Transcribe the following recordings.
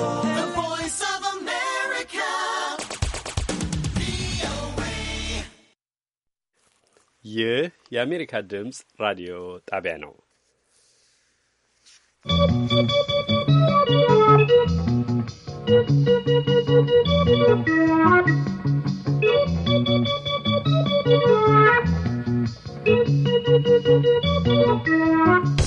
The voice of America. ይህ የአሜሪካ ድምፅ ራዲዮ ጣቢያ ነው። Thank you.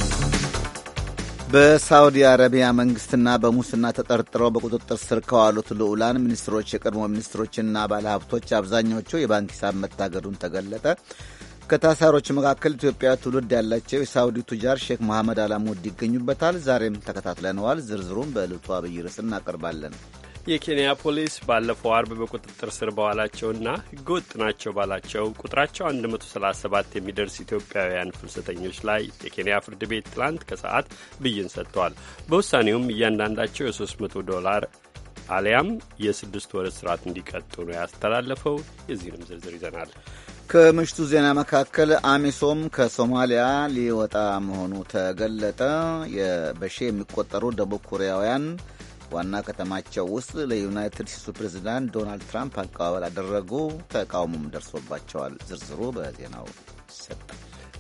በሳውዲ አረቢያ መንግስትና በሙስና ተጠርጥረው በቁጥጥር ስር ከዋሉት ልዑላን ሚኒስትሮች፣ የቀድሞ ሚኒስትሮችና ባለሀብቶች አብዛኛዎቹ የባንክ ሂሳብ መታገዱን ተገለጠ። ከታሳሮች መካከል ኢትዮጵያ ትውልድ ያላቸው የሳውዲ ቱጃር ሼክ መሐመድ አላሙድ ይገኙበታል። ዛሬም ተከታትለነዋል። ዝርዝሩም በዕለቱ አብይ ርዕስ እናቀርባለን። የኬንያ ፖሊስ ባለፈው አርብ በቁጥጥር ስር በዋላቸውና ህገወጥ ናቸው ባላቸው ቁጥራቸው 137 የሚደርስ ኢትዮጵያውያን ፍልሰተኞች ላይ የኬንያ ፍርድ ቤት ትላንት ከሰዓት ብይን ሰጥተዋል። በውሳኔውም እያንዳንዳቸው የ300 ዶላር አሊያም የስድስት ወር እስራት እንዲቀጡ ነው ያስተላለፈው። የዚህንም ዝርዝር ይዘናል። ከምሽቱ ዜና መካከል አሚሶም ከሶማሊያ ሊወጣ መሆኑ ተገለጠ። በሺ የሚቆጠሩ ደቡብ ኮሪያውያን ዋና ከተማቸው ውስጥ ለዩናይትድ ስቴትሱ ፕሬዚዳንት ዶናልድ ትራምፕ አቀባበል አደረጉ። ተቃውሞም ደርሶባቸዋል። ዝርዝሩ በዜናው ይሰጣል።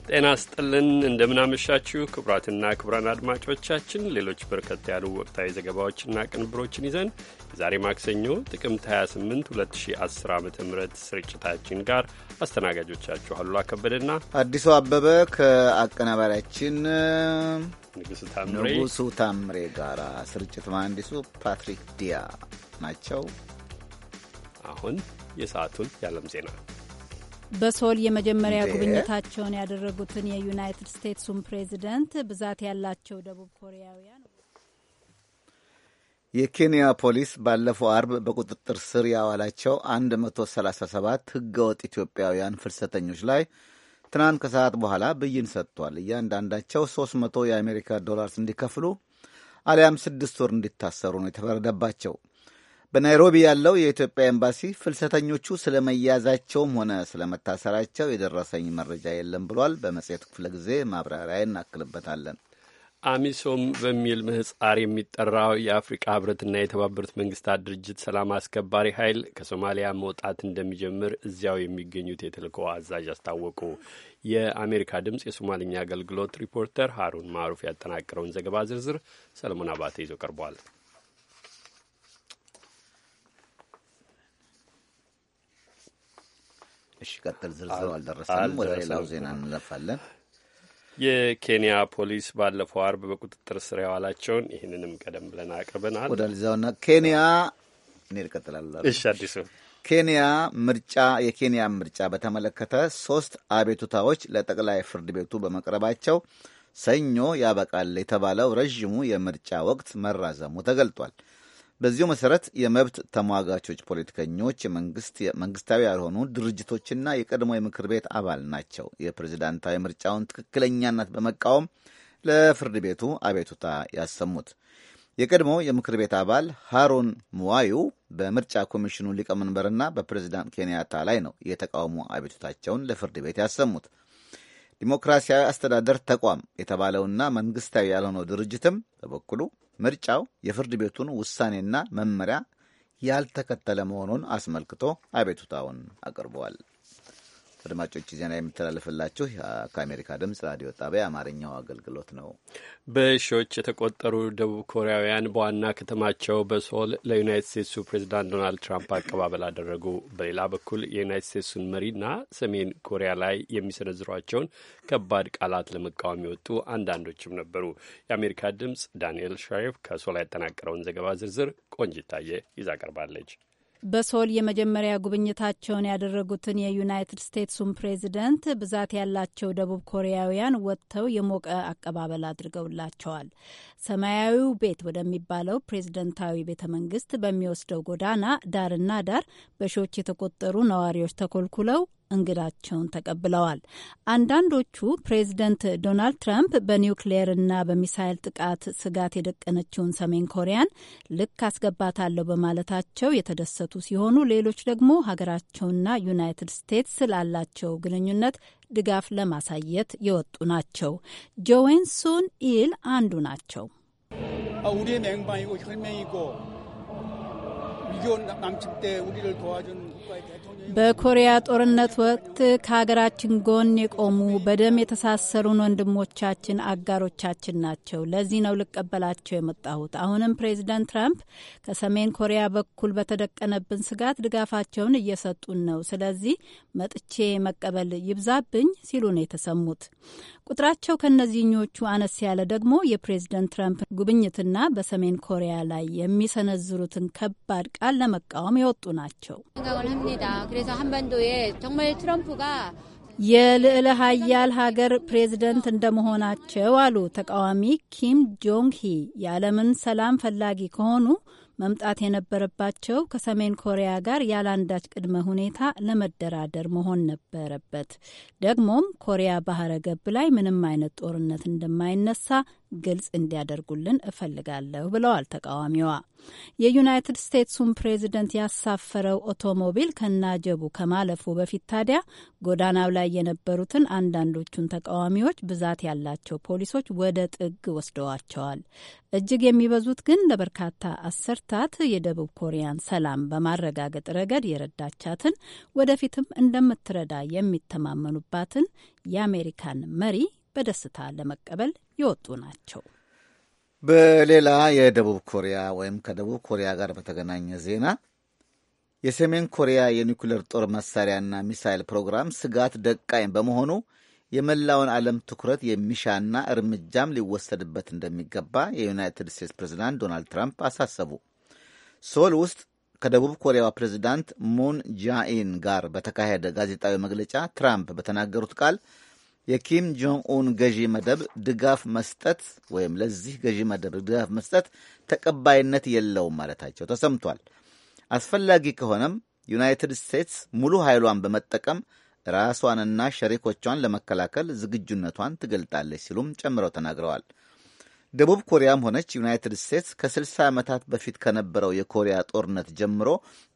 ጤና ስጥልን፣ እንደምናመሻችሁ ክቡራትና ክቡራን አድማጮቻችን ሌሎች በርከት ያሉ ወቅታዊ ዘገባዎችና ቅንብሮችን ይዘን ዛሬ ማክሰኞ ጥቅምት 28 2010 ዓ ም ስርጭታችን ጋር አስተናጋጆቻችሁ አሉላ ከበደና አዲሱ አበበ ከአቀናባሪያችን ንጉሱ ታምሬ ጋር ስርጭት መሀንዲሱ ፓትሪክ ዲያ ናቸው። አሁን የሰዓቱን የዓለም ዜና በሶል የመጀመሪያ ጉብኝታቸውን ያደረጉትን የዩናይትድ ስቴትሱን ፕሬዚደንት ብዛት ያላቸው ደቡብ ኮሪያውያን የኬንያ ፖሊስ ባለፈው አርብ በቁጥጥር ስር ያዋላቸው 137 ህገወጥ ኢትዮጵያውያን ፍልሰተኞች ላይ ትናንት ከሰዓት በኋላ ብይን ሰጥቷል። እያንዳንዳቸው 300 የአሜሪካ ዶላርስ እንዲከፍሉ አሊያም ስድስት ወር እንዲታሰሩ ነው የተፈረደባቸው። በናይሮቢ ያለው የኢትዮጵያ ኤምባሲ ፍልሰተኞቹ ስለ መያዛቸውም ሆነ ስለ መታሰራቸው የደረሰኝ መረጃ የለም ብሏል። በመጽሔት ክፍለ ጊዜ ማብራሪያ እናክልበታለን። አሚሶም በሚል ምህጻር የሚጠራው የአፍሪቃ ህብረትና የተባበሩት መንግስታት ድርጅት ሰላም አስከባሪ ኃይል ከሶማሊያ መውጣት እንደሚጀምር እዚያው የሚገኙት የተልእኮ አዛዥ አስታወቁ። የአሜሪካ ድምፅ የሶማልኛ አገልግሎት ሪፖርተር ሀሩን ማሩፍ ያጠናቀረውን ዘገባ ዝርዝር ሰለሞን አባተ ይዞ ቀርቧል። እሺ፣ ቀጥል። ዝርዝሩ አልደረሰንም። ወደ ሌላው ዜና እንለፋለን። የኬንያ ፖሊስ ባለፈው አርብ በቁጥጥር ስር ያዋላቸውን ይህንንም ቀደም ብለን አቅርበናል። ወደዛውና ኬንያ እኔ ልቀጥላለሁ። እሺ አዲሱ ኬንያ ምርጫ የኬንያ ምርጫ በተመለከተ ሶስት አቤቱታዎች ለጠቅላይ ፍርድ ቤቱ በመቅረባቸው ሰኞ ያበቃል የተባለው ረዥሙ የምርጫ ወቅት መራዘሙ ተገልጧል። በዚሁ መሰረት የመብት ተሟጋቾች ፖለቲከኞች መንግስታዊ ያልሆኑ ድርጅቶችና የቀድሞ የምክር ቤት አባል ናቸው። የፕሬዝዳንታዊ ምርጫውን ትክክለኛነት በመቃወም ለፍርድ ቤቱ አቤቱታ ያሰሙት የቀድሞ የምክር ቤት አባል ሃሮን ሙዋዩ በምርጫ ኮሚሽኑ ሊቀመንበርና በፕሬዝዳንት ኬንያታ ላይ ነው የተቃውሞ አቤቱታቸውን ለፍርድ ቤት ያሰሙት። ዲሞክራሲያዊ አስተዳደር ተቋም የተባለውና መንግስታዊ ያልሆነው ድርጅትም በበኩሉ ምርጫው የፍርድ ቤቱን ውሳኔና መመሪያ ያልተከተለ መሆኑን አስመልክቶ አቤቱታውን አቅርበዋል። አድማጮች ዜና የሚተላለፍላችሁ ከአሜሪካ ድምጽ ራዲዮ ጣቢያ አማርኛው አገልግሎት ነው። በሺዎች የተቆጠሩ ደቡብ ኮሪያውያን በዋና ከተማቸው በሶል ለዩናይት ስቴትሱ ፕሬዚዳንት ዶናልድ ትራምፕ አቀባበል አደረጉ። በሌላ በኩል የዩናይት ስቴትሱን መሪና ሰሜን ኮሪያ ላይ የሚሰነዝሯቸውን ከባድ ቃላት ለመቃወም የወጡ አንዳንዶችም ነበሩ። የአሜሪካ ድምጽ ዳንኤል ሻሪፍ ከሶል ያጠናቀረውን ዘገባ ዝርዝር ቆንጅታየ ይዛ ቀርባለች። በሶል የመጀመሪያ ጉብኝታቸውን ያደረጉትን የዩናይትድ ስቴትሱን ፕሬዚደንት ብዛት ያላቸው ደቡብ ኮሪያውያን ወጥተው የሞቀ አቀባበል አድርገውላቸዋል። ሰማያዊው ቤት ወደሚባለው ፕሬዝደንታዊ ቤተ መንግስት በሚወስደው ጎዳና ዳርና ዳር በሺዎች የተቆጠሩ ነዋሪዎች ተኮልኩለው እንግዳቸውን ተቀብለዋል። አንዳንዶቹ ፕሬዚደንት ዶናልድ ትራምፕ በኒውክሌየርና በሚሳይል ጥቃት ስጋት የደቀነችውን ሰሜን ኮሪያን ልክ አስገባታለሁ በማለታቸው የተደሰቱ ሲሆኑ፣ ሌሎች ደግሞ ሀገራቸውና ዩናይትድ ስቴትስ ላላቸው ግንኙነት ድጋፍ ለማሳየት የወጡ ናቸው። ጆዌን ሱን ኢል አንዱ ናቸው። በኮሪያ ጦርነት ወቅት ከሀገራችን ጎን የቆሙ በደም የተሳሰሩን ወንድሞቻችን አጋሮቻችን ናቸው። ለዚህ ነው ልቀበላቸው የመጣሁት። አሁንም ፕሬዚደንት ትራምፕ ከሰሜን ኮሪያ በኩል በተደቀነብን ስጋት ድጋፋቸውን እየሰጡን ነው። ስለዚህ መጥቼ መቀበል ይብዛብኝ ሲሉ ነው የተሰሙት። ቁጥራቸው ከእነዚህኞቹ አነስ ያለ ደግሞ የፕሬዝደንት ትራምፕ ጉብኝትና በሰሜን ኮሪያ ላይ የሚሰነዝሩትን ከባድ ቃል ለመቃወም የወጡ ናቸው። የልዕለ ሀያል ሀገር ፕሬዝደንት እንደመሆናቸው አሉ ተቃዋሚ ኪም ጆንግ ሂ የዓለምን ሰላም ፈላጊ ከሆኑ መምጣት የነበረባቸው ከሰሜን ኮሪያ ጋር ያላንዳች ቅድመ ሁኔታ ለመደራደር መሆን ነበረበት። ደግሞም ኮሪያ ባህረ ገብ ላይ ምንም አይነት ጦርነት እንደማይነሳ ግልጽ እንዲያደርጉልን እፈልጋለሁ ብለዋል ተቃዋሚዋ። የዩናይትድ ስቴትሱን ፕሬዝደንት ያሳፈረው ኦቶሞቢል ከናጀቡ ከማለፉ በፊት ታዲያ ጎዳናው ላይ የነበሩትን አንዳንዶቹን ተቃዋሚዎች ብዛት ያላቸው ፖሊሶች ወደ ጥግ ወስደዋቸዋል። እጅግ የሚበዙት ግን ለበርካታ አሰርታት የደቡብ ኮሪያን ሰላም በማረጋገጥ ረገድ የረዳቻትን ወደፊትም እንደምትረዳ የሚተማመኑባትን የአሜሪካን መሪ በደስታ ለመቀበል የወጡ ናቸው። በሌላ የደቡብ ኮሪያ ወይም ከደቡብ ኮሪያ ጋር በተገናኘ ዜና የሰሜን ኮሪያ የኒኩሌር ጦር መሳሪያና ሚሳይል ፕሮግራም ስጋት ደቃኝ በመሆኑ የመላውን ዓለም ትኩረት የሚሻና እርምጃም ሊወሰድበት እንደሚገባ የዩናይትድ ስቴትስ ፕሬዚዳንት ዶናልድ ትራምፕ አሳሰቡ። ሶል ውስጥ ከደቡብ ኮሪያዋ ፕሬዚዳንት ሙን ጃኢን ጋር በተካሄደ ጋዜጣዊ መግለጫ ትራምፕ በተናገሩት ቃል የኪም ጆንግ ኡን ገዢ መደብ ድጋፍ መስጠት ወይም ለዚህ ገዢ መደብ ድጋፍ መስጠት ተቀባይነት የለውም ማለታቸው ተሰምቷል። አስፈላጊ ከሆነም ዩናይትድ ስቴትስ ሙሉ ኃይሏን በመጠቀም ራሷንና ሸሪኮቿን ለመከላከል ዝግጁነቷን ትገልጣለች ሲሉም ጨምረው ተናግረዋል። ደቡብ ኮሪያም ሆነች ዩናይትድ ስቴትስ ከ60 ዓመታት በፊት ከነበረው የኮሪያ ጦርነት ጀምሮ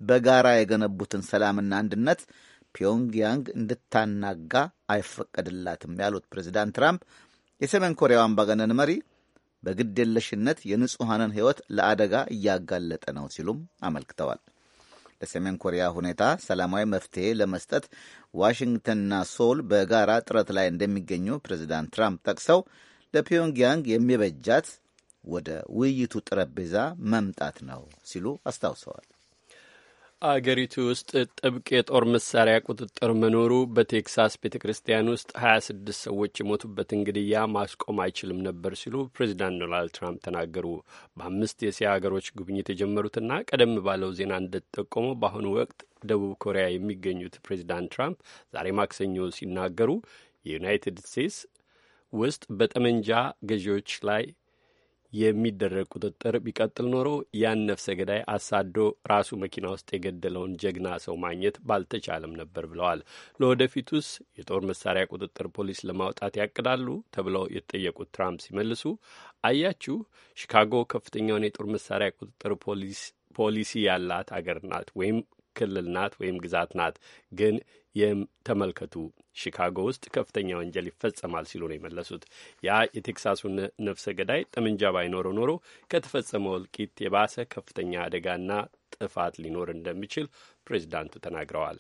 በጋራ የገነቡትን ሰላምና አንድነት ፒዮንግያንግ እንድታናጋ አይፈቀድላትም ያሉት ፕሬዚዳንት ትራምፕ የሰሜን ኮሪያው አምባገነን መሪ በግድ የለሽነት የንጹሐንን ሕይወት ለአደጋ እያጋለጠ ነው ሲሉም አመልክተዋል። ለሰሜን ኮሪያ ሁኔታ ሰላማዊ መፍትሄ ለመስጠት ዋሽንግተንና ሶል በጋራ ጥረት ላይ እንደሚገኙ ፕሬዚዳንት ትራምፕ ጠቅሰው ለፒዮንግያንግ የሚበጃት ወደ ውይይቱ ጠረጴዛ መምጣት ነው ሲሉ አስታውሰዋል። አገሪቱ ውስጥ ጥብቅ የጦር መሳሪያ ቁጥጥር መኖሩ በቴክሳስ ቤተ ክርስቲያን ውስጥ ስድስት ሰዎች የሞቱበትን ግድያ ማስቆም አይችልም ነበር ሲሉ ፕሬዚዳንት ዶናልድ ትራምፕ ተናገሩ። በአምስት የእስያ ሀገሮች ጉብኝት የጀመሩትና ቀደም ባለው ዜና እንደተጠቆመው በአሁኑ ወቅት ደቡብ ኮሪያ የሚገኙት ፕሬዚዳንት ትራምፕ ዛሬ ማክሰኞ ሲናገሩ የዩናይትድ ስቴትስ ውስጥ በጠመንጃ ገዢዎች ላይ የሚደረግ ቁጥጥር ቢቀጥል ኖሮ ያን ነፍሰ ገዳይ አሳዶ ራሱ መኪና ውስጥ የገደለውን ጀግና ሰው ማግኘት ባልተቻለም ነበር ብለዋል። ለወደፊቱስ የጦር መሳሪያ ቁጥጥር ፖሊስ ለማውጣት ያቅዳሉ ተብለው የተጠየቁት ትራምፕ ሲመልሱ አያችሁ፣ ሺካጎ ከፍተኛውን የጦር መሳሪያ ቁጥጥር ፖሊሲ ያላት አገር ናት ወይም ክልል ናት ወይም ግዛት ናት፣ ግን ይህም ተመልከቱ ሺካጎ ውስጥ ከፍተኛ ወንጀል ይፈጸማል ሲሉ ነው የመለሱት። ያ የቴክሳሱ ነፍሰ ገዳይ ጠመንጃ ባይኖረው ኖሮ ከተፈጸመው እልቂት የባሰ ከፍተኛ አደጋና ጥፋት ሊኖር እንደሚችል ፕሬዚዳንቱ ተናግረዋል።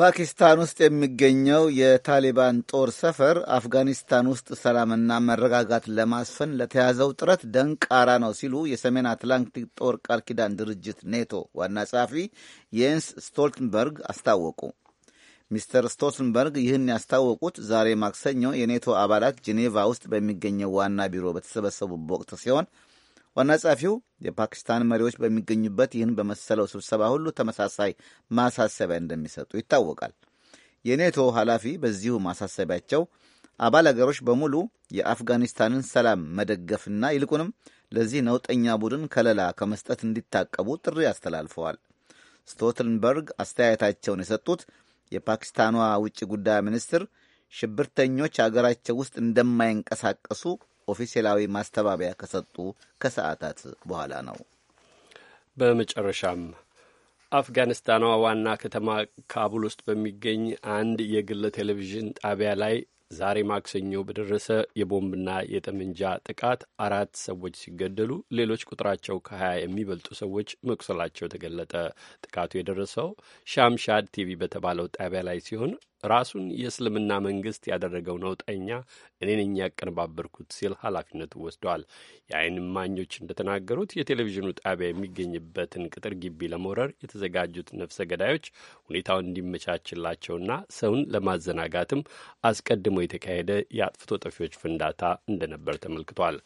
ፓኪስታን ውስጥ የሚገኘው የታሊባን ጦር ሰፈር አፍጋኒስታን ውስጥ ሰላምና መረጋጋት ለማስፈን ለተያዘው ጥረት ደንቃራ ነው ሲሉ የሰሜን አትላንቲክ ጦር ቃል ኪዳን ድርጅት ኔቶ ዋና ጸሐፊ የንስ ስቶልትንበርግ አስታወቁ። ሚስተር ስቶልትንበርግ ይህን ያስታወቁት ዛሬ ማክሰኞ የኔቶ አባላት ጄኔቫ ውስጥ በሚገኘው ዋና ቢሮ በተሰበሰቡበት ወቅት ሲሆን ዋና ጸሐፊው የፓኪስታን መሪዎች በሚገኙበት ይህን በመሰለው ስብሰባ ሁሉ ተመሳሳይ ማሳሰቢያ እንደሚሰጡ ይታወቃል። የኔቶ ኃላፊ በዚሁ ማሳሰቢያቸው አባል አገሮች በሙሉ የአፍጋኒስታንን ሰላም መደገፍና ይልቁንም ለዚህ ነውጠኛ ቡድን ከለላ ከመስጠት እንዲታቀቡ ጥሪ አስተላልፈዋል። ስቶልተንበርግ አስተያየታቸውን የሰጡት የፓኪስታኗ ውጭ ጉዳይ ሚኒስትር ሽብርተኞች አገራቸው ውስጥ እንደማይንቀሳቀሱ ኦፊሴላዊ ማስተባበያ ከሰጡ ከሰዓታት በኋላ ነው። በመጨረሻም አፍጋኒስታኗ ዋና ከተማ ካቡል ውስጥ በሚገኝ አንድ የግል ቴሌቪዥን ጣቢያ ላይ ዛሬ ማክሰኞ በደረሰ የቦምብና የጠመንጃ ጥቃት አራት ሰዎች ሲገደሉ ሌሎች ቁጥራቸው ከሀያ የሚበልጡ ሰዎች መቁሰላቸው ተገለጠ። ጥቃቱ የደረሰው ሻምሻድ ቲቪ በተባለው ጣቢያ ላይ ሲሆን ራሱን የእስልምና መንግስት ያደረገው ነውጠኛ እኔ ነኝ ያቀነባበርኩት ሲል ኃላፊነቱ ወስደዋል። የአይን እማኞች እንደተናገሩት የቴሌቪዥኑ ጣቢያ የሚገኝበትን ቅጥር ግቢ ለመውረር የተዘጋጁት ነፍሰ ገዳዮች ሁኔታውን እንዲመቻችላቸውና ሰውን ለማዘናጋትም አስቀድሞ የተካሄደ የአጥፍቶ ጠፊዎች ፍንዳታ እንደነበር ተመልክቷል።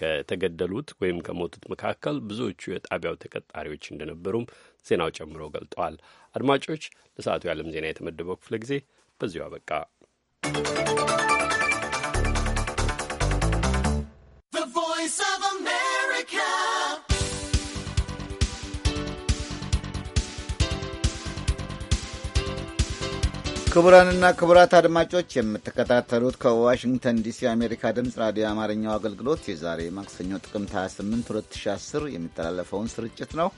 ከተገደሉት ወይም ከሞቱት መካከል ብዙዎቹ የጣቢያው ተቀጣሪዎች እንደነበሩም ዜናው ጨምሮ ገልጠዋል። አድማጮች፣ ለሰዓቱ የዓለም ዜና የተመደበው ክፍለ ጊዜ በዚሁ አበቃ። ክቡራንና ክቡራት አድማጮች የምትከታተሉት ከዋሽንግተን ዲሲ የአሜሪካ ድምፅ ራዲዮ የአማርኛው አገልግሎት የዛሬ ማክሰኞ ጥቅምት 28 2010 የሚተላለፈውን ስርጭት ነው።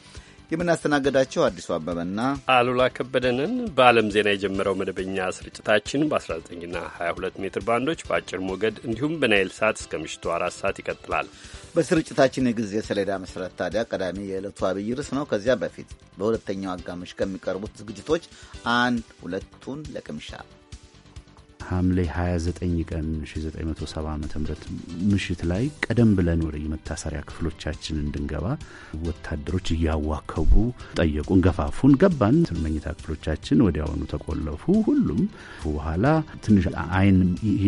የምናስተናግዳቸው አዲሱ አበበና አሉላ ከበደንን በዓለም ዜና የጀመረው መደበኛ ስርጭታችን በ19ና 22 ሜትር ባንዶች በአጭር ሞገድ እንዲሁም በናይል ሰዓት እስከ ምሽቱ አራት ሰዓት ይቀጥላል። በስርጭታችን የጊዜ ሰሌዳ መሰረት ታዲያ ቀዳሚ የዕለቱ አብይ ርዕስ ነው። ከዚያ በፊት በሁለተኛው አጋማሽ ከሚቀርቡት ዝግጅቶች አንድ ሁለቱን ለቅምሻ ሐምሌ 29 ቀን 1970 ዓ ም ምሽት ላይ ቀደም ብለን ወደ የመታሰሪያ ክፍሎቻችን እንድንገባ ወታደሮች እያዋከቡ ጠየቁን፣ ገፋፉን፣ ገባን። መኝታ ክፍሎቻችን ወዲያውኑ ተቆለፉ። ሁሉም በኋላ ትንሽ አይን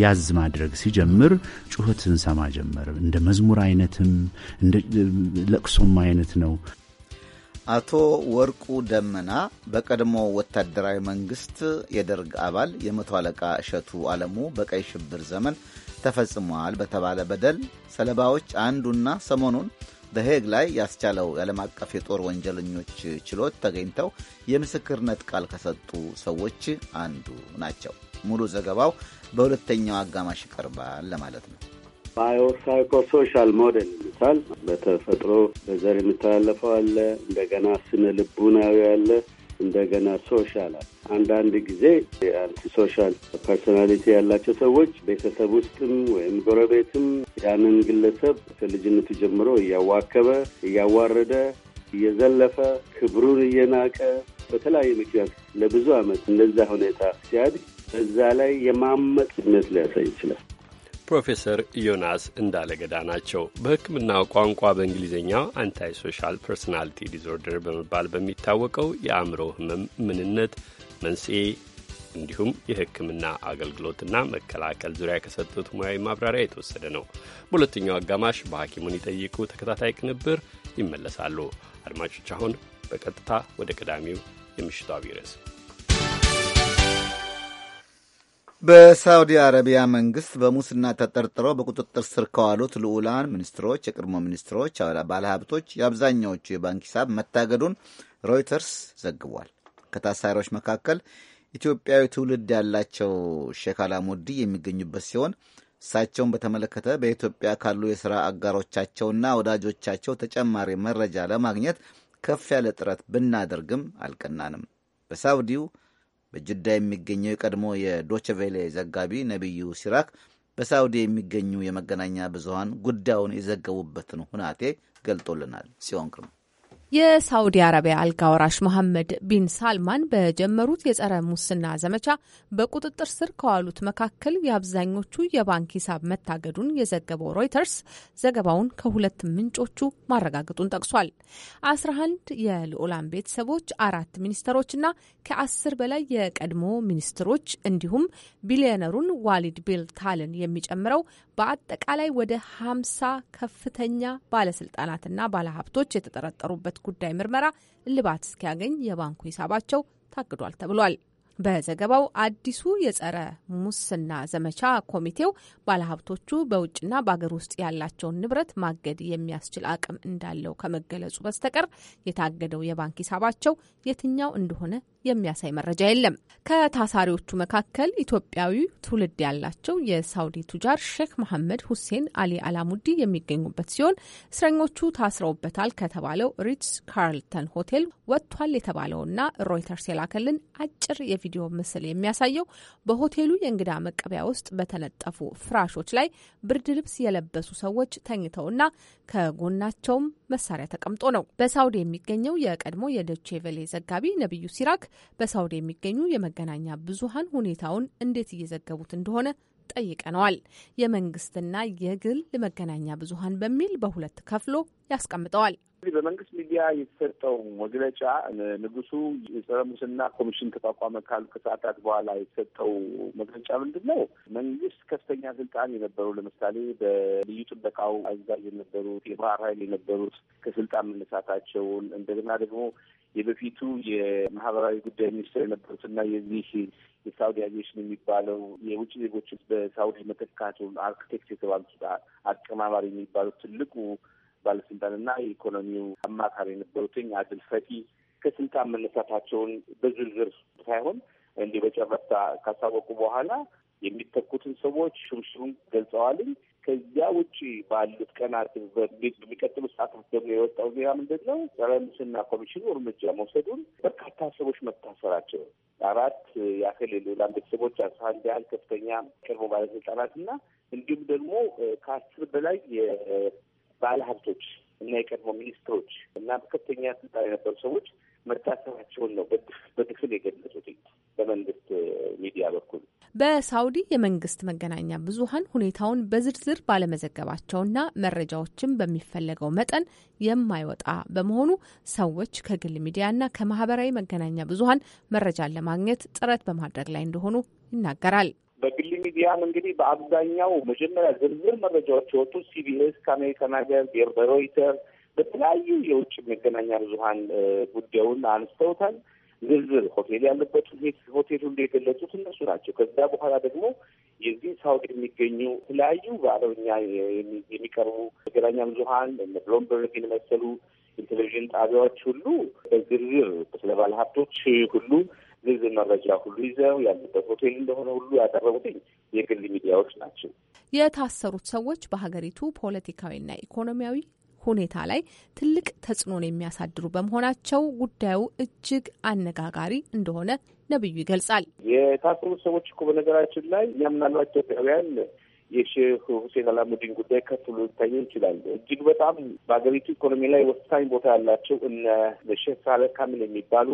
ያዝ ማድረግ ሲጀምር ጩኸት እንሰማ ጀመር። እንደ መዝሙር አይነትም እንደ ለቅሶም አይነት ነው። አቶ ወርቁ ደመና በቀድሞ ወታደራዊ መንግስት የደርግ አባል የመቶ አለቃ እሸቱ አለሙ በቀይ ሽብር ዘመን ተፈጽሟል በተባለ በደል ሰለባዎች አንዱና ሰሞኑን በሄግ ላይ ያስቻለው የዓለም አቀፍ የጦር ወንጀለኞች ችሎት ተገኝተው የምስክርነት ቃል ከሰጡ ሰዎች አንዱ ናቸው። ሙሉ ዘገባው በሁለተኛው አጋማሽ ይቀርባል ለማለት ነው። ባዮሳይኮሶሻል ሞዴል ይሉታል። በተፈጥሮ በዘር የምተላለፈው አለ፣ እንደገና ስነ ልቡናዊ አለ፣ እንደገና ሶሻል አለ። አንዳንድ ጊዜ የአንቲ ሶሻል ፐርሶናሊቲ ያላቸው ሰዎች ቤተሰብ ውስጥም ወይም ጎረቤትም ያንን ግለሰብ ከልጅነቱ ጀምሮ እያዋከበ እያዋረደ እየዘለፈ ክብሩን እየናቀ በተለያየ ምክንያት ለብዙ ዓመት እንደዛ ሁኔታ ሲያድግ በዛ ላይ የማመጥ ሊያሳይ ይችላል። ፕሮፌሰር ዮናስ እንዳለገዳ ናቸው። በሕክምናው ቋንቋ በእንግሊዝኛ አንታይ ሶሻል ፐርሶናሊቲ ዲስኦርደር በመባል በሚታወቀው የአእምሮ ህመም ምንነት፣ መንስኤ እንዲሁም የሕክምና አገልግሎትና መከላከል ዙሪያ ከሰጡት ሙያዊ ማብራሪያ የተወሰደ ነው። በሁለተኛው አጋማሽ በሐኪሙን ይጠይቁ ተከታታይ ቅንብር ይመለሳሉ። አድማጮች አሁን በቀጥታ ወደ ቀዳሚው የምሽቱ አብይ ርዕስ በሳውዲ አረቢያ መንግስት በሙስና ተጠርጥረው በቁጥጥር ስር ከዋሉት ልዑላን ሚኒስትሮች፣ የቅድሞ ሚኒስትሮች፣ ባለሀብቶች የአብዛኛዎቹ የባንክ ሂሳብ መታገዱን ሮይተርስ ዘግቧል። ከታሳሪዎች መካከል ኢትዮጵያዊ ትውልድ ያላቸው ሼክ አላሙዲ የሚገኙበት ሲሆን እሳቸውን በተመለከተ በኢትዮጵያ ካሉ የሥራ አጋሮቻቸውና ወዳጆቻቸው ተጨማሪ መረጃ ለማግኘት ከፍ ያለ ጥረት ብናደርግም አልቀናንም። በሳውዲው በጅዳ የሚገኘው የቀድሞ የዶችቬሌ ዘጋቢ ነቢዩ ሲራክ በሳውዲ የሚገኙ የመገናኛ ብዙሀን ጉዳዩን የዘገቡበትን ሁናቴ ገልጦልናል። ሲሆን የሳዑዲ አረቢያ አልጋ ወራሽ መሐመድ ቢን ሳልማን በጀመሩት የጸረ ሙስና ዘመቻ በቁጥጥር ስር ከዋሉት መካከል የአብዛኞቹ የባንክ ሂሳብ መታገዱን የዘገበው ሮይተርስ ዘገባውን ከሁለት ምንጮቹ ማረጋገጡን ጠቅሷል። አስራ አንድ የልዑላን ቤተሰቦች፣ አራት ሚኒስትሮችና ከአስር በላይ የቀድሞ ሚኒስትሮች እንዲሁም ቢሊዮነሩን ዋሊድ ቢል ታልን የሚጨምረው በአጠቃላይ ወደ ሀምሳ ከፍተኛ ባለስልጣናትና ባለሀብቶች የተጠረጠሩበት ጉዳይ ምርመራ እልባት እስኪያገኝ የባንኩ ሂሳባቸው ታግዷል ተብሏል። በዘገባው አዲሱ የጸረ ሙስና ዘመቻ ኮሚቴው ባለሀብቶቹ በውጭና በአገር ውስጥ ያላቸውን ንብረት ማገድ የሚያስችል አቅም እንዳለው ከመገለጹ በስተቀር የታገደው የባንክ ሂሳባቸው የትኛው እንደሆነ የሚያሳይ መረጃ የለም። ከታሳሪዎቹ መካከል ኢትዮጵያዊ ትውልድ ያላቸው የሳውዲ ቱጃር ሼክ መሐመድ ሁሴን አሊ አላሙዲ የሚገኙበት ሲሆን እስረኞቹ ታስረውበታል ከተባለው ሪትስ ካርልተን ሆቴል ወጥቷል የተባለውና ሮይተርስ የላከልን አጭር የቪዲዮ ምስል የሚያሳየው በሆቴሉ የእንግዳ መቀበያ ውስጥ በተነጠፉ ፍራሾች ላይ ብርድ ልብስ የለበሱ ሰዎች ተኝተውና ከጎናቸውም መሳሪያ ተቀምጦ ነው። በሳውዲ የሚገኘው የቀድሞ የዶቼቬሌ ዘጋቢ ነቢዩ ሲራክ በሳውዲ የሚገኙ የመገናኛ ብዙሃን ሁኔታውን እንዴት እየዘገቡት እንደሆነ ጠይቀነዋል። የመንግስትና የግል መገናኛ ብዙሃን በሚል በሁለት ከፍሎ ያስቀምጠዋል። በመንግስት ሚዲያ የተሰጠው መግለጫ ንጉሱ የጸረ ሙስና ኮሚሽን ተቋቋመ ካሉ ከሰዓታት በኋላ የተሰጠው መግለጫ ምንድን ነው? መንግስት ከፍተኛ ስልጣን የነበሩ ለምሳሌ በልዩ ጥበቃው አዛዥ የነበሩት የባህር ኃይል የነበሩት ከስልጣን መነሳታቸውን እንደገና ደግሞ የበፊቱ የማህበራዊ ጉዳይ ሚኒስትር የነበሩትና የዚህ የሳውዲ አቪዬሽን የሚባለው የውጭ ዜጎች በሳውዲ መተካቱ አርክቴክት የተባሉት አቀማማሪ የሚባሉት ትልቁ ባለስልጣንና የኢኮኖሚው አማካሪ የነበሩትኝ አድል ፈቲ ከስልጣን መነሳታቸውን በዝርዝር ሳይሆን እንዲህ በጨረፍታ ካሳወቁ በኋላ የሚተኩትን ሰዎች ሹምሹም ገልጸዋልኝ። ከዚያ ውጭ ባሉት ቀናት በሚቀጥሉ ሰዓታት ደግሞ የወጣው ዜና ምንድን ነው? ጸረ ሙስና ኮሚሽኑ እርምጃ መውሰዱን በርካታ ሰዎች መታሰራቸው አራት ያክል የልዑላን ቤተሰቦች አስራ አንድ ያህል ከፍተኛ ቅርቦ ባለስልጣናት እና እንዲሁም ደግሞ ከአስር በላይ የባለሀብቶች እና የቀድሞ ሚኒስትሮች እና በከፍተኛ ስልጣን የነበሩ ሰዎች መታሰራቸውን ነው በትክክል የገለጹት በመንግስት ሚዲያ በኩል። በሳውዲ የመንግስት መገናኛ ብዙኃን ሁኔታውን በዝርዝር ባለመዘገባቸውና መረጃዎችን በሚፈለገው መጠን የማይወጣ በመሆኑ ሰዎች ከግል ሚዲያና ከማህበራዊ መገናኛ ብዙኃን መረጃን ለማግኘት ጥረት በማድረግ ላይ እንደሆኑ ይናገራል። በግል ሚዲያም እንግዲህ በአብዛኛው መጀመሪያ ዝርዝር መረጃዎች የወጡት ሲቢኤስ ከአሜሪካን ሀገር፣ ሮይተርስ በተለያዩ የውጭ መገናኛ ብዙኃን ጉዳዩን አንስተውታል። ዝርዝር ሆቴል ያለበት ሆቴሉን የገለጹት እነሱ ናቸው። ከዛ በኋላ ደግሞ የዚህ ሳውዲ የሚገኙ የተለያዩ በአረብኛ የሚቀርቡ መገናኛ ብዙኃን እነ ብሎምበርግ የመሰሉ የቴሌቪዥን ጣቢያዎች ሁሉ በዝርዝር ስለ ባለሀብቶች ሁሉ ዝርዝር መረጃ ሁሉ ይዘው ያሉበት ሆቴል እንደሆነ ሁሉ ያቀረቡትኝ የግል ሚዲያዎች ናቸው። የታሰሩት ሰዎች በሀገሪቱ ፖለቲካዊና ኢኮኖሚያዊ ሁኔታ ላይ ትልቅ ተጽዕኖን የሚያሳድሩ በመሆናቸው ጉዳዩ እጅግ አነጋጋሪ እንደሆነ ነብዩ ይገልጻል። የታሰሩት ሰዎች እኮ በነገራችን ላይ እኛ ምናልባት ኢትዮጵያውያን የሼህ ሁሴን አላሙዲን ጉዳይ ከፍ ብሎ ሊታዩ ይችላሉ። እጅግ በጣም በሀገሪቱ ኢኮኖሚ ላይ ወሳኝ ቦታ ያላቸው እነ ሼህ ሳለህ ካሚል የሚባሉ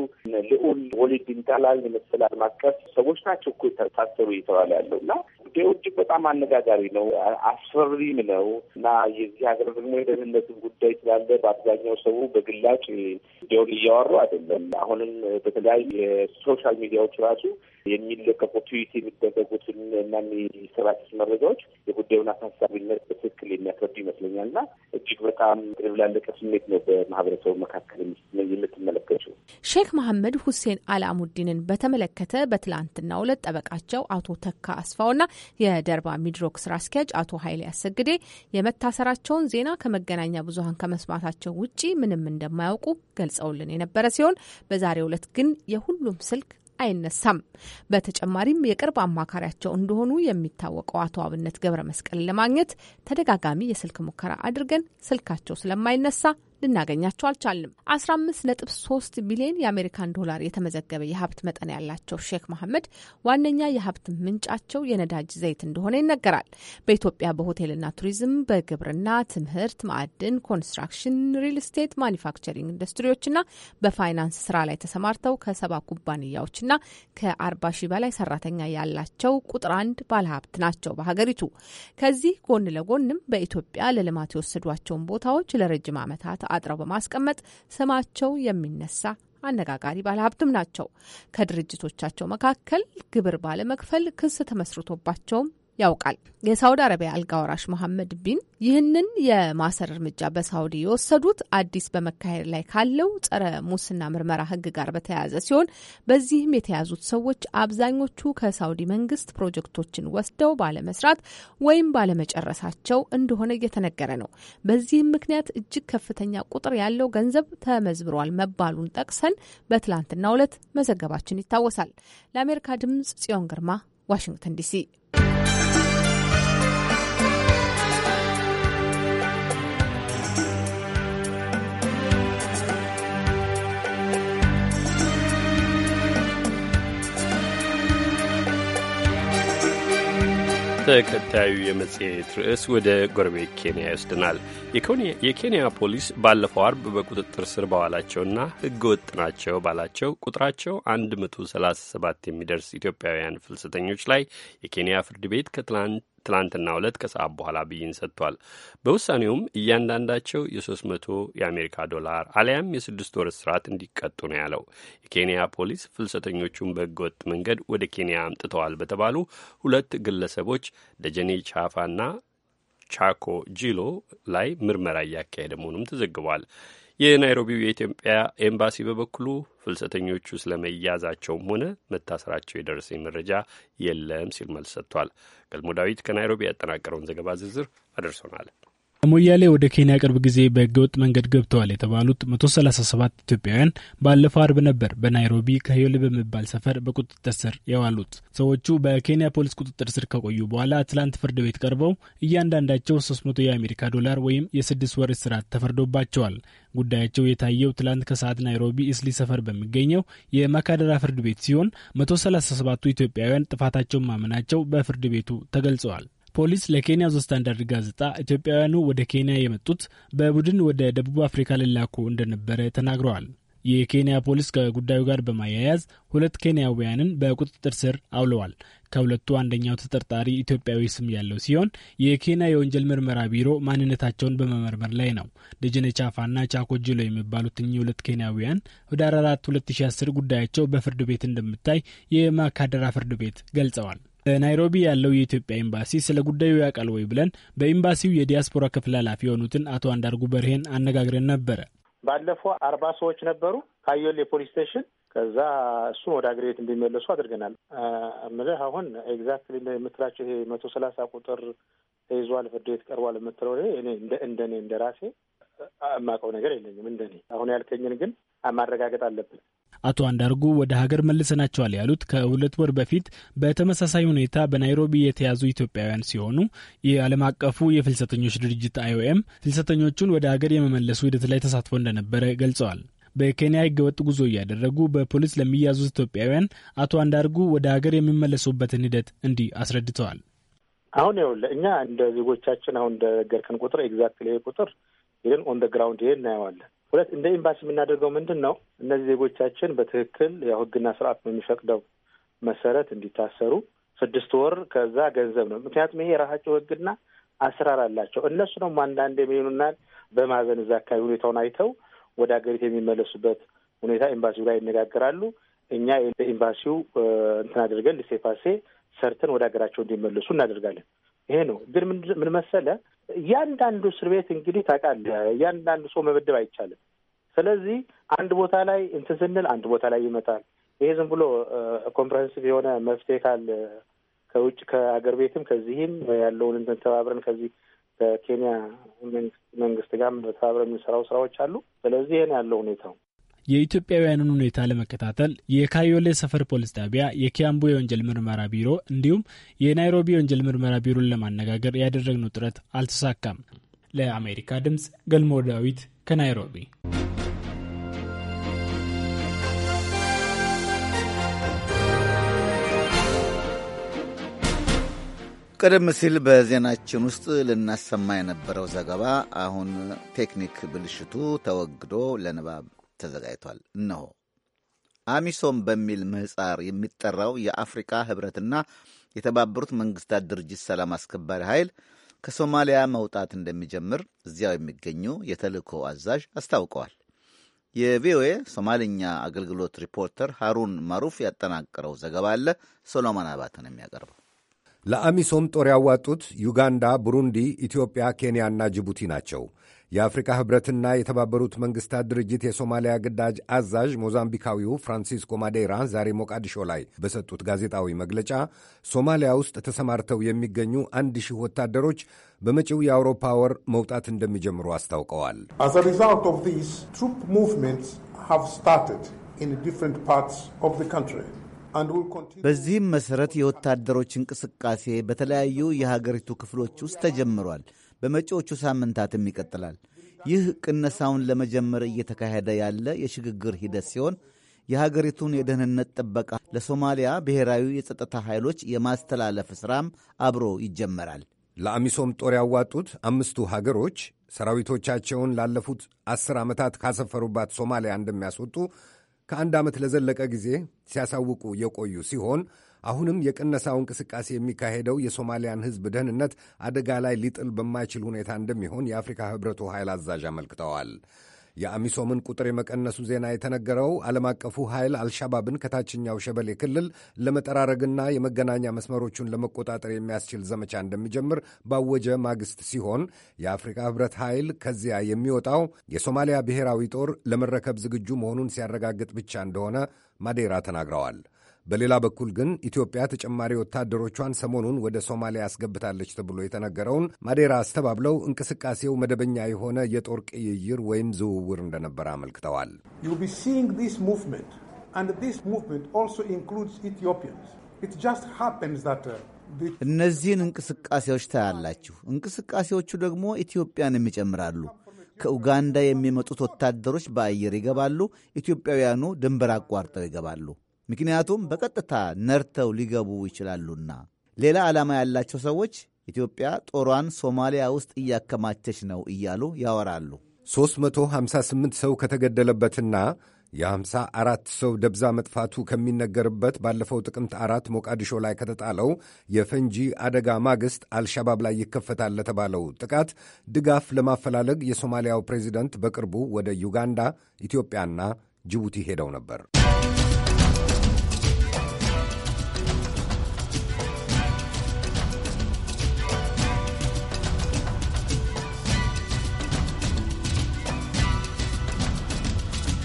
ልዑል ወሊድ ቢን ጣላል የመሰለ ዓለም አቀፍ ሰዎች ናቸው እኮ ታሰሩ እየተባለ ያለው እና ጉዳዩ እጅግ በጣም አነጋጋሪ ነው፣ አስፈሪም ነው እና የዚህ ሀገር ደግሞ የደህንነትን ጉዳይ ስላለ በአብዛኛው ሰው በግላጭ እንዲሆን እያወሩ አይደለም። አሁንም በተለያዩ የሶሻል ሚዲያዎች ራሱ የሚለቀቁ ትዊት የሚደረጉትን እና የሚሰራጩት መረጃዎች የጉዳዩን አሳሳቢነት በትክክል የሚያስረዱ ይመስለኛል እና እጅግ በጣም የተደብላለቀ ስሜት ነው በማህበረሰቡ መካከል የምትመለከችው። ሼክ መሐመድ ሁሴን አልአሙዲንን በተመለከተ በትላንትናው ዕለት ጠበቃቸው አቶ ተካ አስፋውና የደርባ ሚድሮክ ስራ አስኪያጅ አቶ ኃይሌ አሰግዴ የመታሰራቸውን ዜና ከመገናኛ ብዙሀን ከመስማታቸው ውጪ ምንም እንደማያውቁ ገልጸውልን የነበረ ሲሆን በዛሬው ዕለት ግን የሁሉም ስልክ አይነሳም። በተጨማሪም የቅርብ አማካሪያቸው እንደሆኑ የሚታወቀው አቶ አብነት ገብረ መስቀል ለማግኘት ተደጋጋሚ የስልክ ሙከራ አድርገን ስልካቸው ስለማይነሳ ልናገኛቸው አልቻልም። 15.3 ቢሊዮን የአሜሪካን ዶላር የተመዘገበ የሀብት መጠን ያላቸው ሼክ መሐመድ ዋነኛ የሀብት ምንጫቸው የነዳጅ ዘይት እንደሆነ ይነገራል። በኢትዮጵያ በሆቴልና ቱሪዝም፣ በግብርና፣ ትምህርት፣ ማዕድን፣ ኮንስትራክሽን፣ ሪል ስቴት፣ ማኒፋክቸሪንግ ኢንዱስትሪዎችና በፋይናንስ ስራ ላይ ተሰማርተው ከሰባ ኩባንያዎችና ከ40 ሺህ በላይ ሰራተኛ ያላቸው ቁጥር አንድ ባለሀብት ናቸው በሀገሪቱ። ከዚህ ጎን ለጎንም በኢትዮጵያ ለልማት የወሰዷቸውን ቦታዎች ለረጅም ዓመታት አጥረው በማስቀመጥ ስማቸው የሚነሳ አነጋጋሪ ባለሀብትም ናቸው። ከድርጅቶቻቸው መካከል ግብር ባለመክፈል ክስ ተመስርቶባቸውም ያውቃል። የሳውዲ አረቢያ አልጋ ወራሽ መሐመድ ቢን ይህንን የማሰር እርምጃ በሳውዲ የወሰዱት አዲስ በመካሄድ ላይ ካለው ጸረ ሙስና ምርመራ ሕግ ጋር በተያያዘ ሲሆን በዚህም የተያዙት ሰዎች አብዛኞቹ ከሳውዲ መንግስት ፕሮጀክቶችን ወስደው ባለመስራት ወይም ባለመጨረሳቸው እንደሆነ እየተነገረ ነው። በዚህም ምክንያት እጅግ ከፍተኛ ቁጥር ያለው ገንዘብ ተመዝብሯል መባሉን ጠቅሰን በትላንትናው ዕለት መዘገባችን ይታወሳል። ለአሜሪካ ድምጽ ጽዮን ግርማ ዋሽንግተን ዲሲ ተከታዩ የመጽሔት ርዕስ ወደ ጎረቤት ኬንያ ይወስድናል። የኬንያ ፖሊስ ባለፈው አርብ በቁጥጥር ስር በዋላቸውና ሕገ ወጥ ናቸው ባላቸው ቁጥራቸው 137 የሚደርስ ኢትዮጵያውያን ፍልሰተኞች ላይ የኬንያ ፍርድ ቤት ከትላንት ትላንትና ሁለት ከሰዓት በኋላ ብይን ሰጥቷል። በውሳኔውም እያንዳንዳቸው የ300 የአሜሪካ ዶላር አሊያም የስድስት ወር እስራት እንዲቀጡ ነው ያለው። የኬንያ ፖሊስ ፍልሰተኞቹን በህገወጥ መንገድ ወደ ኬንያ አምጥተዋል በተባሉ ሁለት ግለሰቦች ደጀኔ ቻፋና ቻኮ ጂሎ ላይ ምርመራ እያካሄደ መሆኑም ተዘግቧል። የናይሮቢው የኢትዮጵያ ኤምባሲ በበኩሉ ፍልሰተኞቹ ስለመያዛቸውም ሆነ መታሰራቸው የደረሰኝ መረጃ የለም ሲል መልስ ሰጥቷል። ገልሞ ዳዊት ከናይሮቢ ያጠናቀረውን ዘገባ ዝርዝር አድርሶናል። ሞያሌ ወደ ኬንያ ቅርብ ጊዜ በህገወጥ መንገድ ገብተዋል የተባሉት 137 ኢትዮጵያውያን ባለፈው አርብ ነበር በናይሮቢ ከሄል በሚባል ሰፈር በቁጥጥር ስር የዋሉት። ሰዎቹ በኬንያ ፖሊስ ቁጥጥር ስር ከቆዩ በኋላ ትላንት ፍርድ ቤት ቀርበው እያንዳንዳቸው 300 የአሜሪካ ዶላር ወይም የስድስት ወር እስራት ተፈርዶባቸዋል። ጉዳያቸው የታየው ትላንት ከሰዓት ናይሮቢ እስሊ ሰፈር በሚገኘው የማካደራ ፍርድ ቤት ሲሆን 137ቱ ኢትዮጵያውያን ጥፋታቸውን ማመናቸው በፍርድ ቤቱ ተገልጸዋል። ፖሊስ ለኬንያ ዞ ስታንዳርድ ጋዜጣ ኢትዮጵያውያኑ ወደ ኬንያ የመጡት በቡድን ወደ ደቡብ አፍሪካ ሊላኩ እንደነበረ ተናግረዋል። የኬንያ ፖሊስ ከጉዳዩ ጋር በማያያዝ ሁለት ኬንያውያንን በቁጥጥር ስር አውለዋል። ከሁለቱ አንደኛው ተጠርጣሪ ኢትዮጵያዊ ስም ያለው ሲሆን የኬንያ የወንጀል ምርመራ ቢሮ ማንነታቸውን በመመርመር ላይ ነው። ደጀኔ ቻፋና ቻኮጅሎ የሚባሉት እኚህ ሁለት ኬንያውያን ህዳር 4 2010 ጉዳያቸው በፍርድ ቤት እንደሚታይ የማካደራ ፍርድ ቤት ገልጸዋል። በናይሮቢ ያለው የኢትዮጵያ ኤምባሲ ስለ ጉዳዩ ያውቃል ወይ ብለን በኤምባሲው የዲያስፖራ ክፍል ኃላፊ የሆኑትን አቶ አንዳርጉ በርሄን አነጋግረን ነበረ። ባለፈው አርባ ሰዎች ነበሩ ካየል የፖሊስ ስቴሽን። ከዛ እሱን ወደ ሀገር ቤት እንዲመለሱ አድርገናል። ምልህ አሁን ኤግዛክትሊ የምትላቸው ይሄ መቶ ሰላሳ ቁጥር ተይዟል፣ ፍርድ ቤት ቀርቧል የምትለው እኔ እንደ እኔ እንደ ራሴ የማውቀው ነገር የለኝም። እንደኔ አሁን ያልከኝን ግን ማረጋገጥ አለብን። አቶ አንዳርጉ ወደ ሀገር መልሰናቸዋል ያሉት ከሁለት ወር በፊት በተመሳሳይ ሁኔታ በናይሮቢ የተያዙ ኢትዮጵያውያን ሲሆኑ የዓለም አቀፉ የፍልሰተኞች ድርጅት አይኦኤም ፍልሰተኞቹን ወደ ሀገር የመመለሱ ሂደት ላይ ተሳትፎ እንደነበረ ገልጸዋል። በኬንያ ህገወጥ ጉዞ እያደረጉ በፖሊስ ለሚያዙት ኢትዮጵያውያን አቶ አንዳርጉ ወደ ሀገር የሚመለሱበትን ሂደት እንዲህ አስረድተዋል። አሁን ይኸውልህ እኛ እንደ ዜጎቻችን አሁን እንደነገርከን ቁጥር ኤግዛክት ቁጥር ይህን ኦን ደ ግራውንድ ይሄ እናየዋለን ሁለት እንደ ኤምባሲ የምናደርገው ምንድን ነው? እነዚህ ዜጎቻችን በትክክል ያው ሕግና ስርዓት በሚፈቅደው መሰረት እንዲታሰሩ ስድስት ወር ከዛ ገንዘብ ነው። ምክንያቱም ይሄ የራሳቸው ህግና አሰራር አላቸው። እነሱ ነው አንዳንድ የሚሆኑና በማዘን እዛ አካባቢ ሁኔታውን አይተው ወደ ሀገሪቱ የሚመለሱበት ሁኔታ ኤምባሲው ላይ ይነጋገራሉ። እኛ ኤምባሲው እንትን አድርገን ሊሴፋሴ ሰርተን ወደ ሀገራቸው እንዲመለሱ እናደርጋለን። ይሄ ነው ግን ምን መሰለ እያንዳንዱ እስር ቤት እንግዲህ ታውቃለህ፣ እያንዳንዱ ሰው መመደብ አይቻልም። ስለዚህ አንድ ቦታ ላይ እንትን ስንል አንድ ቦታ ላይ ይመጣል። ይሄ ዝም ብሎ ኮምፕሬሄንሲቭ የሆነ መፍትሄ ካል ከውጭ ከአገር ቤትም ከዚህም ያለውን እንትን ተባብረን ከዚህ ከኬንያ መንግስት ጋር ተባብረን የሚሰራው ስራዎች አሉ። ስለዚህ ይህን ያለው ሁኔታው የኢትዮጵያውያንን ሁኔታ ለመከታተል የካዮሌ ሰፈር ፖሊስ ጣቢያ፣ የኪያምቡ የወንጀል ምርመራ ቢሮ እንዲሁም የናይሮቢ የወንጀል ምርመራ ቢሮን ለማነጋገር ያደረግነው ጥረት አልተሳካም። ለአሜሪካ ድምፅ ገልሞ ዳዊት ከናይሮቢ። ቀደም ሲል በዜናችን ውስጥ ልናሰማ የነበረው ዘገባ አሁን ቴክኒክ ብልሽቱ ተወግዶ ለንባብ ተዘጋጅቷል። እነሆ አሚሶም በሚል ምህጻር የሚጠራው የአፍሪካ ህብረትና የተባበሩት መንግስታት ድርጅት ሰላም አስከባሪ ኃይል ከሶማሊያ መውጣት እንደሚጀምር እዚያው የሚገኙ የተልእኮ አዛዥ አስታውቀዋል። የቪኦኤ ሶማልኛ አገልግሎት ሪፖርተር ሃሩን ማሩፍ ያጠናቀረው ዘገባ አለ። ሶሎሞን አባተ ነው የሚያቀርበው። ለአሚሶም ጦር ያዋጡት ዩጋንዳ፣ ቡሩንዲ፣ ኢትዮጵያ፣ ኬንያና ጅቡቲ ናቸው። የአፍሪካ ህብረትና የተባበሩት መንግስታት ድርጅት የሶማሊያ ግዳጅ አዛዥ ሞዛምቢካዊው ፍራንሲስኮ ማዴራ ዛሬ ሞቃዲሾ ላይ በሰጡት ጋዜጣዊ መግለጫ ሶማሊያ ውስጥ ተሰማርተው የሚገኙ አንድ ሺህ ወታደሮች በመጪው የአውሮፓ ወር መውጣት እንደሚጀምሩ አስታውቀዋል። በዚህም መሠረት የወታደሮች እንቅስቃሴ በተለያዩ የሀገሪቱ ክፍሎች ውስጥ ተጀምሯል። በመጪዎቹ ሳምንታትም ይቀጥላል። ይህ ቅነሳውን ለመጀመር እየተካሄደ ያለ የሽግግር ሂደት ሲሆን የሀገሪቱን የደህንነት ጥበቃ ለሶማሊያ ብሔራዊ የጸጥታ ኃይሎች የማስተላለፍ ሥራም አብሮ ይጀመራል። ለአሚሶም ጦር ያዋጡት አምስቱ ሀገሮች ሰራዊቶቻቸውን ላለፉት አስር ዓመታት ካሰፈሩባት ሶማሊያ እንደሚያስወጡ ከአንድ ዓመት ለዘለቀ ጊዜ ሲያሳውቁ የቆዩ ሲሆን አሁንም የቅነሳው እንቅስቃሴ የሚካሄደው የሶማሊያን ሕዝብ ደህንነት አደጋ ላይ ሊጥል በማይችል ሁኔታ እንደሚሆን የአፍሪካ ህብረቱ ኃይል አዛዥ አመልክተዋል። የአሚሶምን ቁጥር የመቀነሱ ዜና የተነገረው ዓለም አቀፉ ኃይል አልሻባብን ከታችኛው ሸበሌ ክልል ለመጠራረግና የመገናኛ መስመሮቹን ለመቆጣጠር የሚያስችል ዘመቻ እንደሚጀምር ባወጀ ማግስት ሲሆን የአፍሪካ ህብረት ኃይል ከዚያ የሚወጣው የሶማሊያ ብሔራዊ ጦር ለመረከብ ዝግጁ መሆኑን ሲያረጋግጥ ብቻ እንደሆነ ማዴራ ተናግረዋል። በሌላ በኩል ግን ኢትዮጵያ ተጨማሪ ወታደሮቿን ሰሞኑን ወደ ሶማሊያ አስገብታለች ተብሎ የተነገረውን ማዴራ አስተባብለው እንቅስቃሴው መደበኛ የሆነ የጦር ቅይይር ወይም ዝውውር እንደነበረ አመልክተዋል። uh, እነዚህን እንቅስቃሴዎች ታያላችሁ። እንቅስቃሴዎቹ ደግሞ ኢትዮጵያንም ይጨምራሉ። ከኡጋንዳ የሚመጡት ወታደሮች በአየር ይገባሉ። ኢትዮጵያውያኑ ድንበር አቋርጠው ይገባሉ። ምክንያቱም በቀጥታ ነርተው ሊገቡ ይችላሉና። ሌላ ዓላማ ያላቸው ሰዎች ኢትዮጵያ ጦሯን ሶማሊያ ውስጥ እያከማቸች ነው እያሉ ያወራሉ። 358 ሰው ከተገደለበትና የ54 ሰው ደብዛ መጥፋቱ ከሚነገርበት ባለፈው ጥቅምት አራት ሞቃዲሾ ላይ ከተጣለው የፈንጂ አደጋ ማግስት አልሻባብ ላይ ይከፈታል ለተባለው ጥቃት ድጋፍ ለማፈላለግ የሶማሊያው ፕሬዚደንት በቅርቡ ወደ ዩጋንዳ፣ ኢትዮጵያና ጅቡቲ ሄደው ነበር።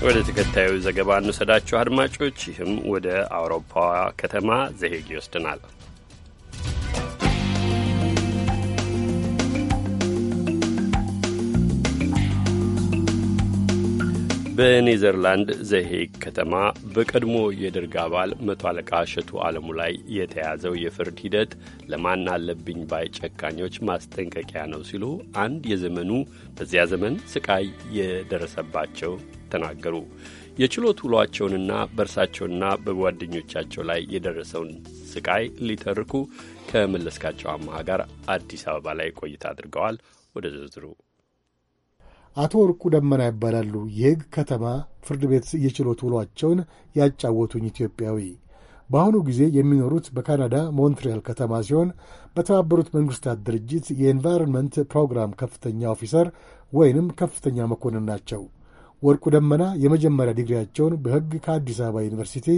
ወደ ተከታዩ ዘገባ እንውሰዳችሁ አድማጮች። ይህም ወደ አውሮፓ ከተማ ዘሄግ ይወስድናል። በኔዘርላንድ ዘሄግ ከተማ በቀድሞ የደርግ አባል መቶ አለቃ እሸቱ አለሙ ላይ የተያዘው የፍርድ ሂደት ለማን አለብኝ ባይ ጨካኞች ማስጠንቀቂያ ነው ሲሉ አንድ የዘመኑ በዚያ ዘመን ስቃይ የደረሰባቸው ተናገሩ። የችሎት ውሏቸውንና በእርሳቸውና በጓደኞቻቸው ላይ የደረሰውን ስቃይ ሊተርኩ ከመለስካቸው አማሃ ጋር አዲስ አበባ ላይ ቆይታ አድርገዋል። ወደ ዝርዝሩ አቶ ወርቁ ደመና ይባላሉ። የሕግ ከተማ ፍርድ ቤት የችሎት ውሏቸውን ያጫወቱኝ ኢትዮጵያዊ በአሁኑ ጊዜ የሚኖሩት በካናዳ ሞንትሪያል ከተማ ሲሆን በተባበሩት መንግሥታት ድርጅት የኤንቫይሮንመንት ፕሮግራም ከፍተኛ ኦፊሰር ወይንም ከፍተኛ መኮንን ናቸው። ወርቁ ደመና የመጀመሪያ ዲግሪያቸውን በሕግ ከአዲስ አበባ ዩኒቨርሲቲ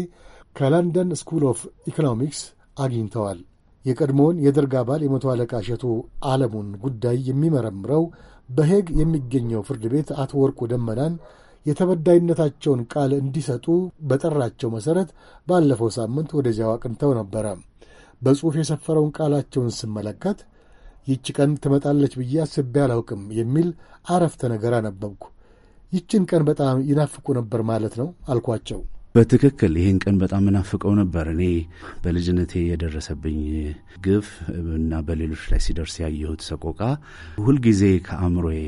ከለንደን ስኩል ኦፍ ኢኮኖሚክስ አግኝተዋል። የቀድሞውን የደርግ አባል የመቶ አለቃ እሸቱ ዓለሙን ጉዳይ የሚመረምረው በሄግ የሚገኘው ፍርድ ቤት አቶ ወርቁ ደመዳን የተበዳይነታቸውን ቃል እንዲሰጡ በጠራቸው መሠረት ባለፈው ሳምንት ወደዚያው አቅንተው ነበረ። በጽሑፍ የሰፈረውን ቃላቸውን ስመለከት ይቺ ቀን ትመጣለች ብዬ አስቤ አላውቅም የሚል አረፍተ ነገር አነበብኩ። ይችን ቀን በጣም ይናፍቁ ነበር ማለት ነው አልኳቸው። በትክክል ይህን ቀን በጣም ምናፍቀው ነበር። እኔ በልጅነቴ የደረሰብኝ ግፍ እና በሌሎች ላይ ሲደርስ ያየሁት ሰቆቃ ሁልጊዜ ከአእምሮዬ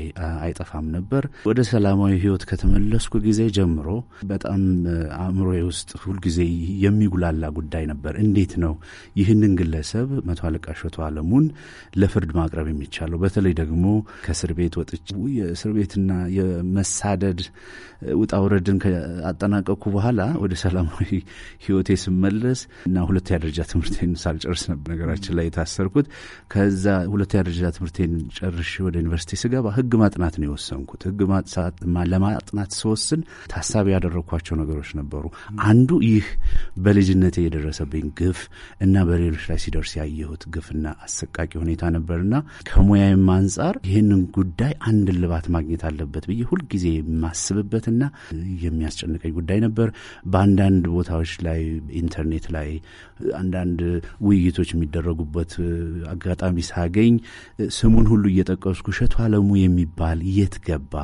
አይጠፋም ነበር። ወደ ሰላማዊ ሕይወት ከተመለስኩ ጊዜ ጀምሮ በጣም አእምሮዬ ውስጥ ሁልጊዜ የሚጉላላ ጉዳይ ነበር። እንዴት ነው ይህንን ግለሰብ መቶ አለቃ ሸቱ አለሙን ለፍርድ ማቅረብ የሚቻለው? በተለይ ደግሞ ከእስር ቤት ወጥቼ የእስር ቤትና የመሳደድ ውጣ ውረድን አጠናቀኩ በኋላ ወደ ሰላማዊ ህይወቴ ስመለስ እና ሁለተኛ ደረጃ ትምህርቴን ሳልጨርስ ነበር ነገራችን ላይ የታሰርኩት። ከዛ ሁለተኛ ደረጃ ትምህርቴን ጨርሼ ወደ ዩኒቨርሲቲ ስገባ ህግ ማጥናት ነው የወሰንኩት። ህግ ለማጥናት ስወስን ታሳቢ ያደረግኳቸው ነገሮች ነበሩ። አንዱ ይህ በልጅነቴ የደረሰብኝ ግፍ እና በሌሎች ላይ ሲደርስ ያየሁት ግፍና አሰቃቂ ሁኔታ ነበርና ከሙያዬም አንጻር ይህንን ጉዳይ አንድ ልባት ማግኘት አለበት ብዬ ሁልጊዜ የማስብበትና የሚያስጨንቀኝ ጉዳይ ነበር። በአንዳንድ ቦታዎች ላይ ኢንተርኔት ላይ አንዳንድ ውይይቶች የሚደረጉበት አጋጣሚ ሳገኝ ስሙን ሁሉ እየጠቀስኩ እሸቱ አለሙ የሚባል የት ገባ?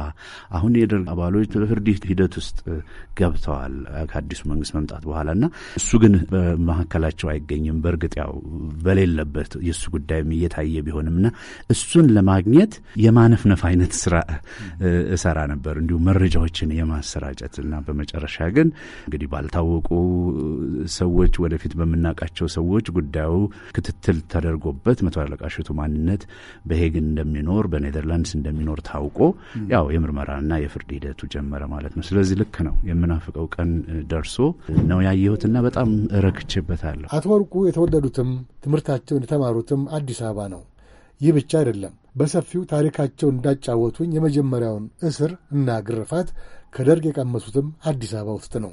አሁን የደርግ አባሎች በፍርድ ሂደት ውስጥ ገብተዋል ከአዲሱ መንግስት መምጣት በኋላ እና እሱ ግን በመካከላቸው አይገኝም። በእርግጥ ያው በሌለበት የእሱ ጉዳይም እየታየ ቢሆንም እና እሱን ለማግኘት የማነፍነፍ አይነት ስራ እሰራ ነበር እንዲሁም መረጃዎችን የማሰራጨት እና በመጨረሻ ግን እንግዲህ ባልታወቁ ሰዎች ወደፊት በምናውቃቸው ሰዎች ጉዳዩ ክትትል ተደርጎበት መቶ አለቃ እሸቱ ማንነት በሄግ እንደሚኖር በኔዘርላንድስ እንደሚኖር ታውቆ ያው የምርመራና የፍርድ ሂደቱ ጀመረ ማለት ነው። ስለዚህ ልክ ነው የምናፍቀው ቀን ደርሶ ነው ያየሁትና በጣም ረክቼበታለሁ። አቶ ወርቁ የተወለዱትም ትምህርታቸውን የተማሩትም አዲስ አበባ ነው። ይህ ብቻ አይደለም። በሰፊው ታሪካቸው እንዳጫወቱኝ የመጀመሪያውን እስር እና ግርፋት ከደርግ የቀመሱትም አዲስ አበባ ውስጥ ነው።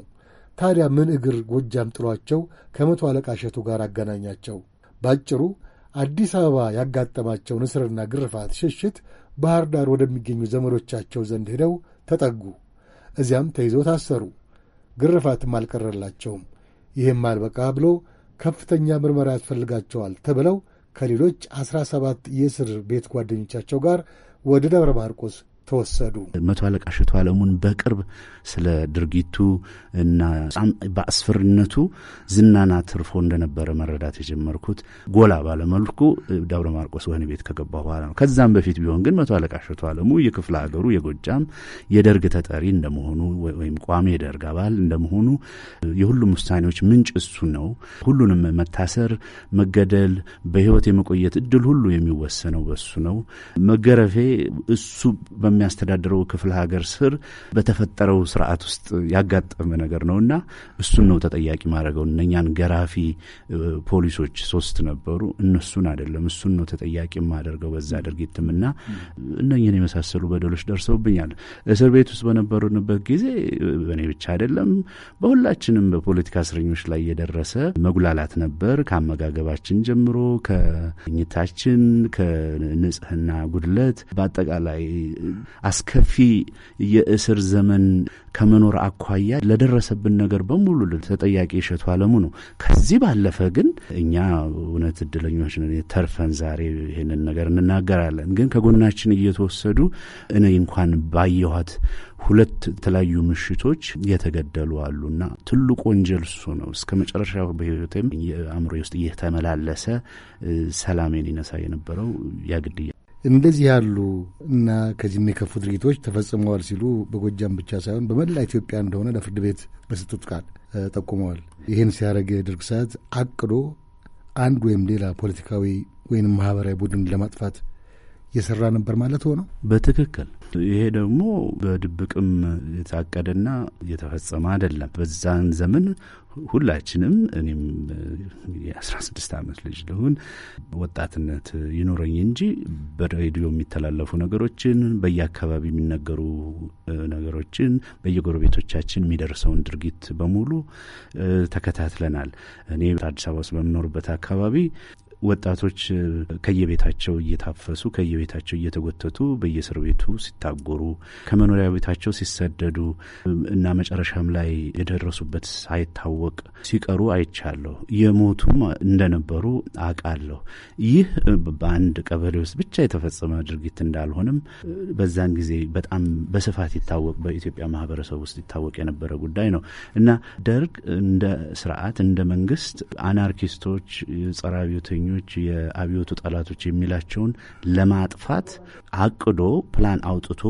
ታዲያ ምን እግር ጎጃም ጥሏቸው ከመቶ አለቃ እሸቱ ጋር አገናኛቸው? ባጭሩ አዲስ አበባ ያጋጠማቸውን እስርና ግርፋት ሽሽት ባህር ዳር ወደሚገኙ ዘመዶቻቸው ዘንድ ሄደው ተጠጉ። እዚያም ተይዘው ታሰሩ። ግርፋትም አልቀረላቸውም። ይህም አልበቃ ብሎ ከፍተኛ ምርመራ ያስፈልጋቸዋል ተብለው ከሌሎች ዐሥራ ሰባት የእስር ቤት ጓደኞቻቸው ጋር ወደ ደብረ ማርቆስ ተወሰዱ። መቶ አለቃ እሸቱ አለሙን በቅርብ ስለ ድርጊቱ እና በአስፈሪነቱ ዝናና ትርፎ እንደነበረ መረዳት የጀመርኩት ጎላ ባለመልኩ ደብረ ማርቆስ ወህኒ ቤት ከገባ በኋላ ነው። ከዛም በፊት ቢሆን ግን መቶ አለቃ እሸቱ አለሙ የክፍለ ሀገሩ የጎጃም የደርግ ተጠሪ እንደመሆኑ ወይም ቋሚ የደርግ አባል እንደመሆኑ የሁሉም ውሳኔዎች ምንጭ እሱ ነው። ሁሉንም መታሰር፣ መገደል፣ በህይወት የመቆየት እድል ሁሉ የሚወሰነው በሱ ነው። መገረፌ እሱ በሚያስተዳድረው ክፍለ ሀገር ስር በተፈጠረው ስርዓት ውስጥ ያጋጠመ ነገር ነው እና እሱን ነው ተጠያቂ ማድረገው። እነኛን ገራፊ ፖሊሶች ሶስት ነበሩ፣ እነሱን አይደለም፣ እሱን ነው ተጠያቂ ማደርገው በዛ ድርጊትም እና እነኝን የመሳሰሉ በደሎች ደርሰውብኛል። እስር ቤት ውስጥ በነበሩንበት ጊዜ በእኔ ብቻ አይደለም፣ በሁላችንም በፖለቲካ እስረኞች ላይ የደረሰ መጉላላት ነበር። ከአመጋገባችን ጀምሮ ከኝታችን፣ ከንጽህና ጉድለት በአጠቃላይ አስከፊ የእስር ዘመን ከመኖር አኳያ ለደረሰብን ነገር በሙሉ ተጠያቂ እሸቱ አለሙ ነው። ከዚህ ባለፈ ግን እኛ እውነት እድለኞች ተርፈን ዛሬ ይህንን ነገር እንናገራለን። ግን ከጎናችን እየተወሰዱ እኔ እንኳን ባየኋት ሁለት የተለያዩ ምሽቶች የተገደሉ እና ትልቁ ወንጀል እሱ ነው። እስከ መጨረሻ በህይወቴም አእምሮ ውስጥ እየተመላለሰ ሰላሜን ይነሳ የነበረው ያ እንደዚህ ያሉ እና ከዚህም የከፉ ድርጊቶች ተፈጽመዋል ሲሉ በጎጃም ብቻ ሳይሆን በመላ ኢትዮጵያ እንደሆነ ለፍርድ ቤት በሰጡት ቃል ጠቁመዋል። ይህን ሲያደርግ የደርግ ሰዓት አቅዶ አንድ ወይም ሌላ ፖለቲካዊ ወይም ማህበራዊ ቡድን ለማጥፋት የሰራ ነበር ማለት ሆነው በትክክል ይሄ ደግሞ በድብቅም የታቀደና የተፈጸመ አይደለም። በዛን ዘመን ሁላችንም እኔም የ ስድስት ዓመት ልጅ ልሁን ወጣትነት ይኖረኝ እንጂ በሬዲዮ የሚተላለፉ ነገሮችን፣ በየአካባቢ የሚነገሩ ነገሮችን፣ በየጎረቤቶቻችን የሚደርሰውን ድርጊት በሙሉ ተከታትለናል። እኔ አዲስ አበባ ውስጥ በምኖርበት አካባቢ ወጣቶች ከየቤታቸው እየታፈሱ ከየቤታቸው እየተጎተቱ በየእስር ቤቱ ሲታጎሩ ከመኖሪያ ቤታቸው ሲሰደዱ እና መጨረሻም ላይ የደረሱበት ሳይታወቅ ሲቀሩ አይቻለሁ። የሞቱም እንደነበሩ አውቃለሁ። ይህ በአንድ ቀበሌ ውስጥ ብቻ የተፈጸመ ድርጊት እንዳልሆነም በዛን ጊዜ በጣም በስፋት ይታወቅ በኢትዮጵያ ማህበረሰብ ውስጥ ይታወቅ የነበረ ጉዳይ ነው እና ደርግ እንደ ስርዓት እንደ መንግስት አናርኪስቶች፣ ጸረ ፖለቲከኞች፣ የአብዮቱ ጠላቶች የሚላቸውን ለማጥፋት አቅዶ ፕላን አውጥቶ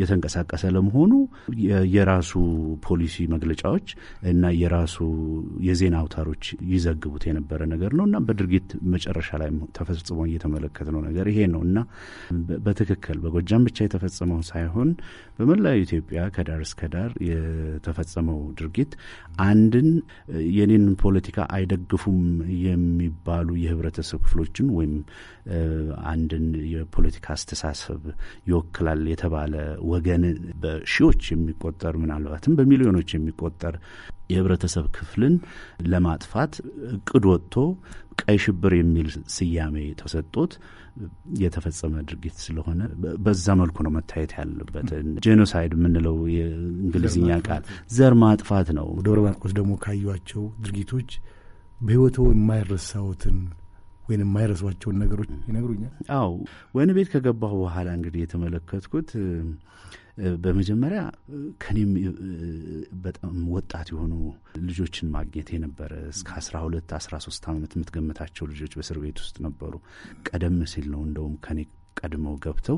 የተንቀሳቀሰ ለመሆኑ የራሱ ፖሊሲ መግለጫዎች እና የራሱ የዜና አውታሮች ይዘግቡት የነበረ ነገር ነው እና በድርጊት መጨረሻ ላይ ተፈጽሞ እየተመለከትነው ነገር ይሄ ነው እና በትክክል በጎጃም ብቻ የተፈጸመው ሳይሆን በመላ ኢትዮጵያ ከዳር እስከ ዳር የተፈጸመው ድርጊት አንድን የኔን ፖለቲካ አይደግፉም የሚባሉ የህብረተሰብ የህብረተሰብ ክፍሎችን ወይም አንድን የፖለቲካ አስተሳሰብ ይወክላል የተባለ ወገን በሺዎች የሚቆጠር ምናልባትም በሚሊዮኖች የሚቆጠር የህብረተሰብ ክፍልን ለማጥፋት እቅድ ወጥቶ ቀይ ሽብር የሚል ስያሜ ተሰጥቶት የተፈጸመ ድርጊት ስለሆነ በዛ መልኩ ነው መታየት ያለበት። ጄኖሳይድ የምንለው የእንግሊዝኛ ቃል ዘር ማጥፋት ነው። ደብረ ማርቆስ ደግሞ ካዩቸው ድርጊቶች በህይወቱ የማይረሳዎትን ወይም የማይረሷቸውን ነገሮች ይነግሩኛል? አዎ ወህኒ ቤት ከገባሁ በኋላ እንግዲህ የተመለከትኩት በመጀመሪያ ከኔም በጣም ወጣት የሆኑ ልጆችን ማግኘት የነበረ እስከ አስራ ሶስት ዓመት የምትገምታቸው ልጆች በእስር ቤት ውስጥ ነበሩ። ቀደም ሲል ነው እንደውም ከኔ ቀድመው ገብተው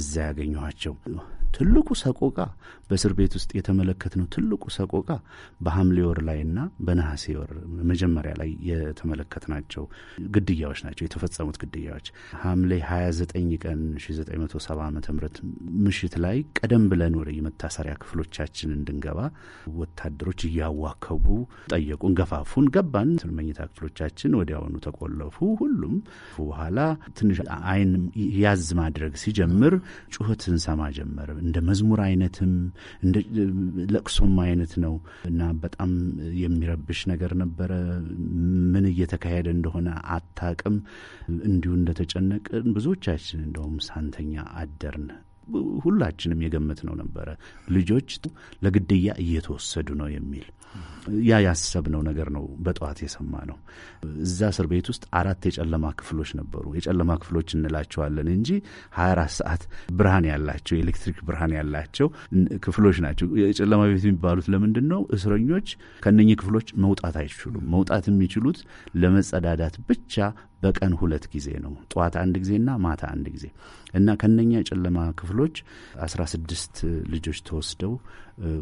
እዛ ያገኘኋቸው ትልቁ ሰቆቃ በእስር ቤት ውስጥ የተመለከትነው ትልቁ ሰቆቃ በሐምሌ ወር ላይና በነሐሴ ወር መጀመሪያ ላይ የተመለከትናቸው ግድያዎች ናቸው የተፈጸሙት ግድያዎች። ሐምሌ 29 ቀን 1970 ዓ ም ምሽት ላይ ቀደም ብለን ወደ የመታሰሪያ ክፍሎቻችን እንድንገባ ወታደሮች እያዋከቡ ጠየቁን፣ ገፋፉን፣ ገባን። መኝታ ክፍሎቻችን ወዲያውኑ ተቆለፉ። ሁሉም በኋላ ትንሽ አይን ያዝ ማድረግ ሲጀምር ጩኸት እንሰማ ጀመር። እንደ መዝሙር አይነትም እንደ ለቅሶም አይነት ነው እና በጣም የሚረብሽ ነገር ነበረ። ምን እየተካሄደ እንደሆነ አታቅም። እንዲሁ እንደተጨነቅን ብዙዎቻችን እንደውም ሳንተኛ አደርን። ሁላችንም የገመት ነው ነበረ ልጆች ለግድያ እየተወሰዱ ነው የሚል ያ ያሰብነው ነገር ነው። በጠዋት የሰማ ነው። እዛ እስር ቤት ውስጥ አራት የጨለማ ክፍሎች ነበሩ። የጨለማ ክፍሎች እንላቸዋለን እንጂ አራት ሰዓት ብርሃን ያላቸው የኤሌክትሪክ ብርሃን ያላቸው ክፍሎች ናቸው። የጨለማ ቤት የሚባሉት ለምንድን ነው? እስረኞች ከነኚህ ክፍሎች መውጣት አይችሉም። መውጣት የሚችሉት ለመጸዳዳት ብቻ በቀን ሁለት ጊዜ ነው። ጠዋት አንድ ጊዜና ማታ አንድ ጊዜ እና ከነኛ የጨለማ ክፍሎች አስራ ስድስት ልጆች ተወስደው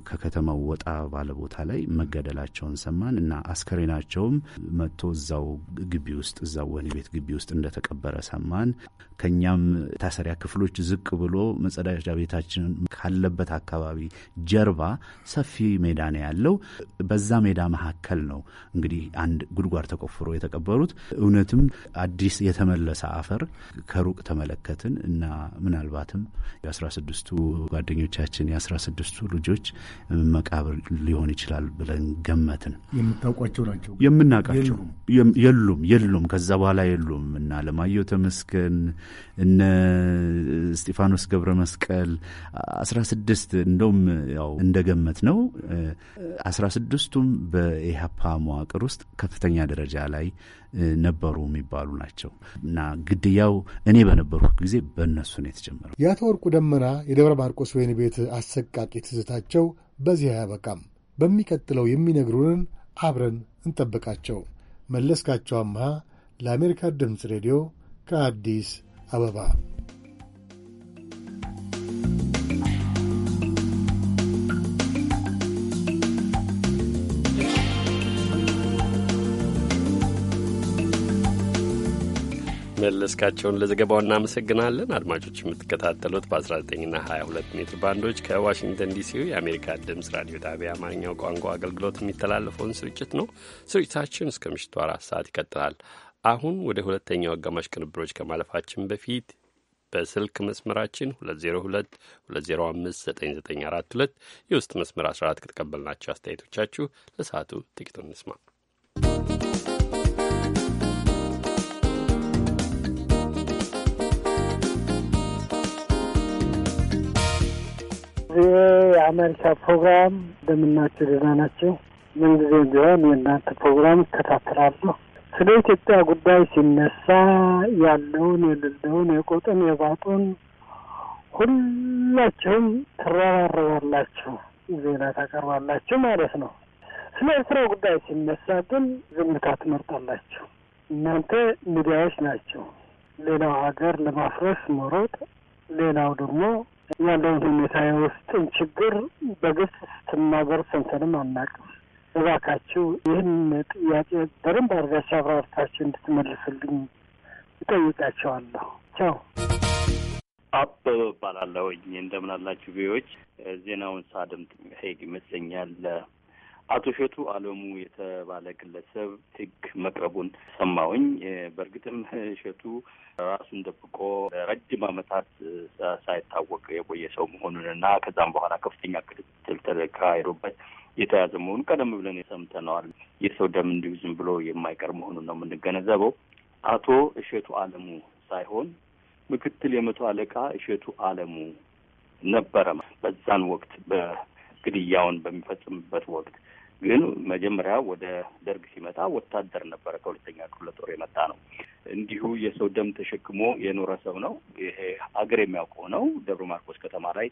ከከተማው ወጣ ባለ ቦታ ላይ መገደል መገደላቸውን ሰማን እና አስከሬናቸውም መጥቶ እዛው ግቢ ውስጥ እዛው ወህኒ ቤት ግቢ ውስጥ እንደተቀበረ ሰማን። ከኛም ታሰሪያ ክፍሎች ዝቅ ብሎ መጸዳጃ ቤታችን ካለበት አካባቢ ጀርባ ሰፊ ሜዳ ነው ያለው። በዛ ሜዳ መካከል ነው እንግዲህ አንድ ጉድጓድ ተቆፍሮ የተቀበሩት። እውነትም አዲስ የተመለሰ አፈር ከሩቅ ተመለከትን እና ምናልባትም የአስራ ስድስቱ ጓደኞቻችን የአስራ ስድስቱ ልጆች መቃብር ሊሆን ይችላል ብለን ገመትን። የምታውቋቸው ናቸው የምናውቃቸው የሉም የሉም ከዛ በኋላ የሉም። እና አለማየሁ ተመስገን፣ እነ እስጢፋኖስ ገብረ መስቀል አስራ ስድስት እንደውም ያው እንደገመት ነው አስራ ስድስቱም በኢህአፓ መዋቅር ውስጥ ከፍተኛ ደረጃ ላይ ነበሩ የሚባሉ ናቸው እና ግድያው እኔ በነበርኩ ጊዜ በእነሱ ነው የተጀመረው። የአቶ ወርቁ ደመና የደብረ ማርቆስ ወይን ቤት አሰቃቂ ትዝታቸው በዚህ አያበቃም። በሚቀጥለው የሚነግሩንን አብረን እንጠብቃቸው። መለስካቸው አምሃ ለአሜሪካ ድምፅ ሬዲዮ ከአዲስ አበባ መለስካቸውን ለዘገባው እናመሰግናለን። አድማጮች የምትከታተሉት በ19ና 22 ሜትር ባንዶች ከዋሽንግተን ዲሲው የአሜሪካ ድምፅ ራዲዮ ጣቢያ አማርኛው ቋንቋ አገልግሎት የሚተላለፈውን ስርጭት ነው። ስርጭታችን እስከ ምሽቱ አራት ሰዓት ይቀጥላል። አሁን ወደ ሁለተኛው አጋማሽ ቅንብሮች ከማለፋችን በፊት በስልክ መስመራችን 2022059942 የውስጥ መስመር 14 ከተቀበልናቸው አስተያየቶቻችሁ ለሰዓቱ ጥቂቱን እንስማ። ይህ የአሜሪካ ፕሮግራም እንደምናቸው ደህና ናቸው። ምንጊዜ ቢሆን የእናንተ ፕሮግራም እከታተላለሁ። ስለ ኢትዮጵያ ጉዳይ ሲነሳ ያለውን የሌለውን የቆጥን የባጡን ሁላችሁም ትረባረባላችሁ፣ ዜና ታቀርባላችሁ ማለት ነው። ስለ ኤርትራ ጉዳይ ሲነሳ ግን ዝምታ ትመርጣላችሁ። እናንተ ሚዲያዎች ናቸው። ሌላው ሀገር ለማፍረስ መሮጥ፣ ሌላው ደግሞ ያለውን ሁኔታ የውስጥን ችግር በግልጽ ስትናገር ሰምተንም አናውቅም። እባካችሁ ይህን ጥያቄ በደንብ አድርጋችሁ አብራርታችሁ እንድትመልስልኝ እጠይቃቸዋለሁ። ቻው። አበበ እባላለሁኝ። እንደምን አላችሁ? ቪዎች ዜናውን ሳድምጥ ሄግ ይመስለኛል አቶ ሸቱ አለሙ የተባለ ግለሰብ ህግ መቅረቡን ሰማውኝ በእርግጥም ሸቱ ራሱን ደብቆ ለረጅም ዓመታት ሳይታወቅ የቆየ ሰው መሆኑን እና ከዛም በኋላ ከፍተኛ ክትትል ተካሂዶበት የተያዘ መሆኑን ቀደም ብለን ሰምተነዋል። የሰው ደም እንዲሁ ዝም ብሎ የማይቀር መሆኑን ነው የምንገነዘበው። አቶ እሸቱ አለሙ ሳይሆን ምክትል የመቶ አለቃ እሸቱ አለሙ ነበረ በዛን ወቅት በግድያውን በሚፈጽምበት ወቅት ግን መጀመሪያ ወደ ደርግ ሲመጣ ወታደር ነበረ። ከሁለተኛ ክፍለ ጦር የመጣ ነው። እንዲሁ የሰው ደም ተሸክሞ የኖረ ሰው ነው። ይሄ አገር የሚያውቀው ነው። ደብረ ማርቆስ ከተማ ላይ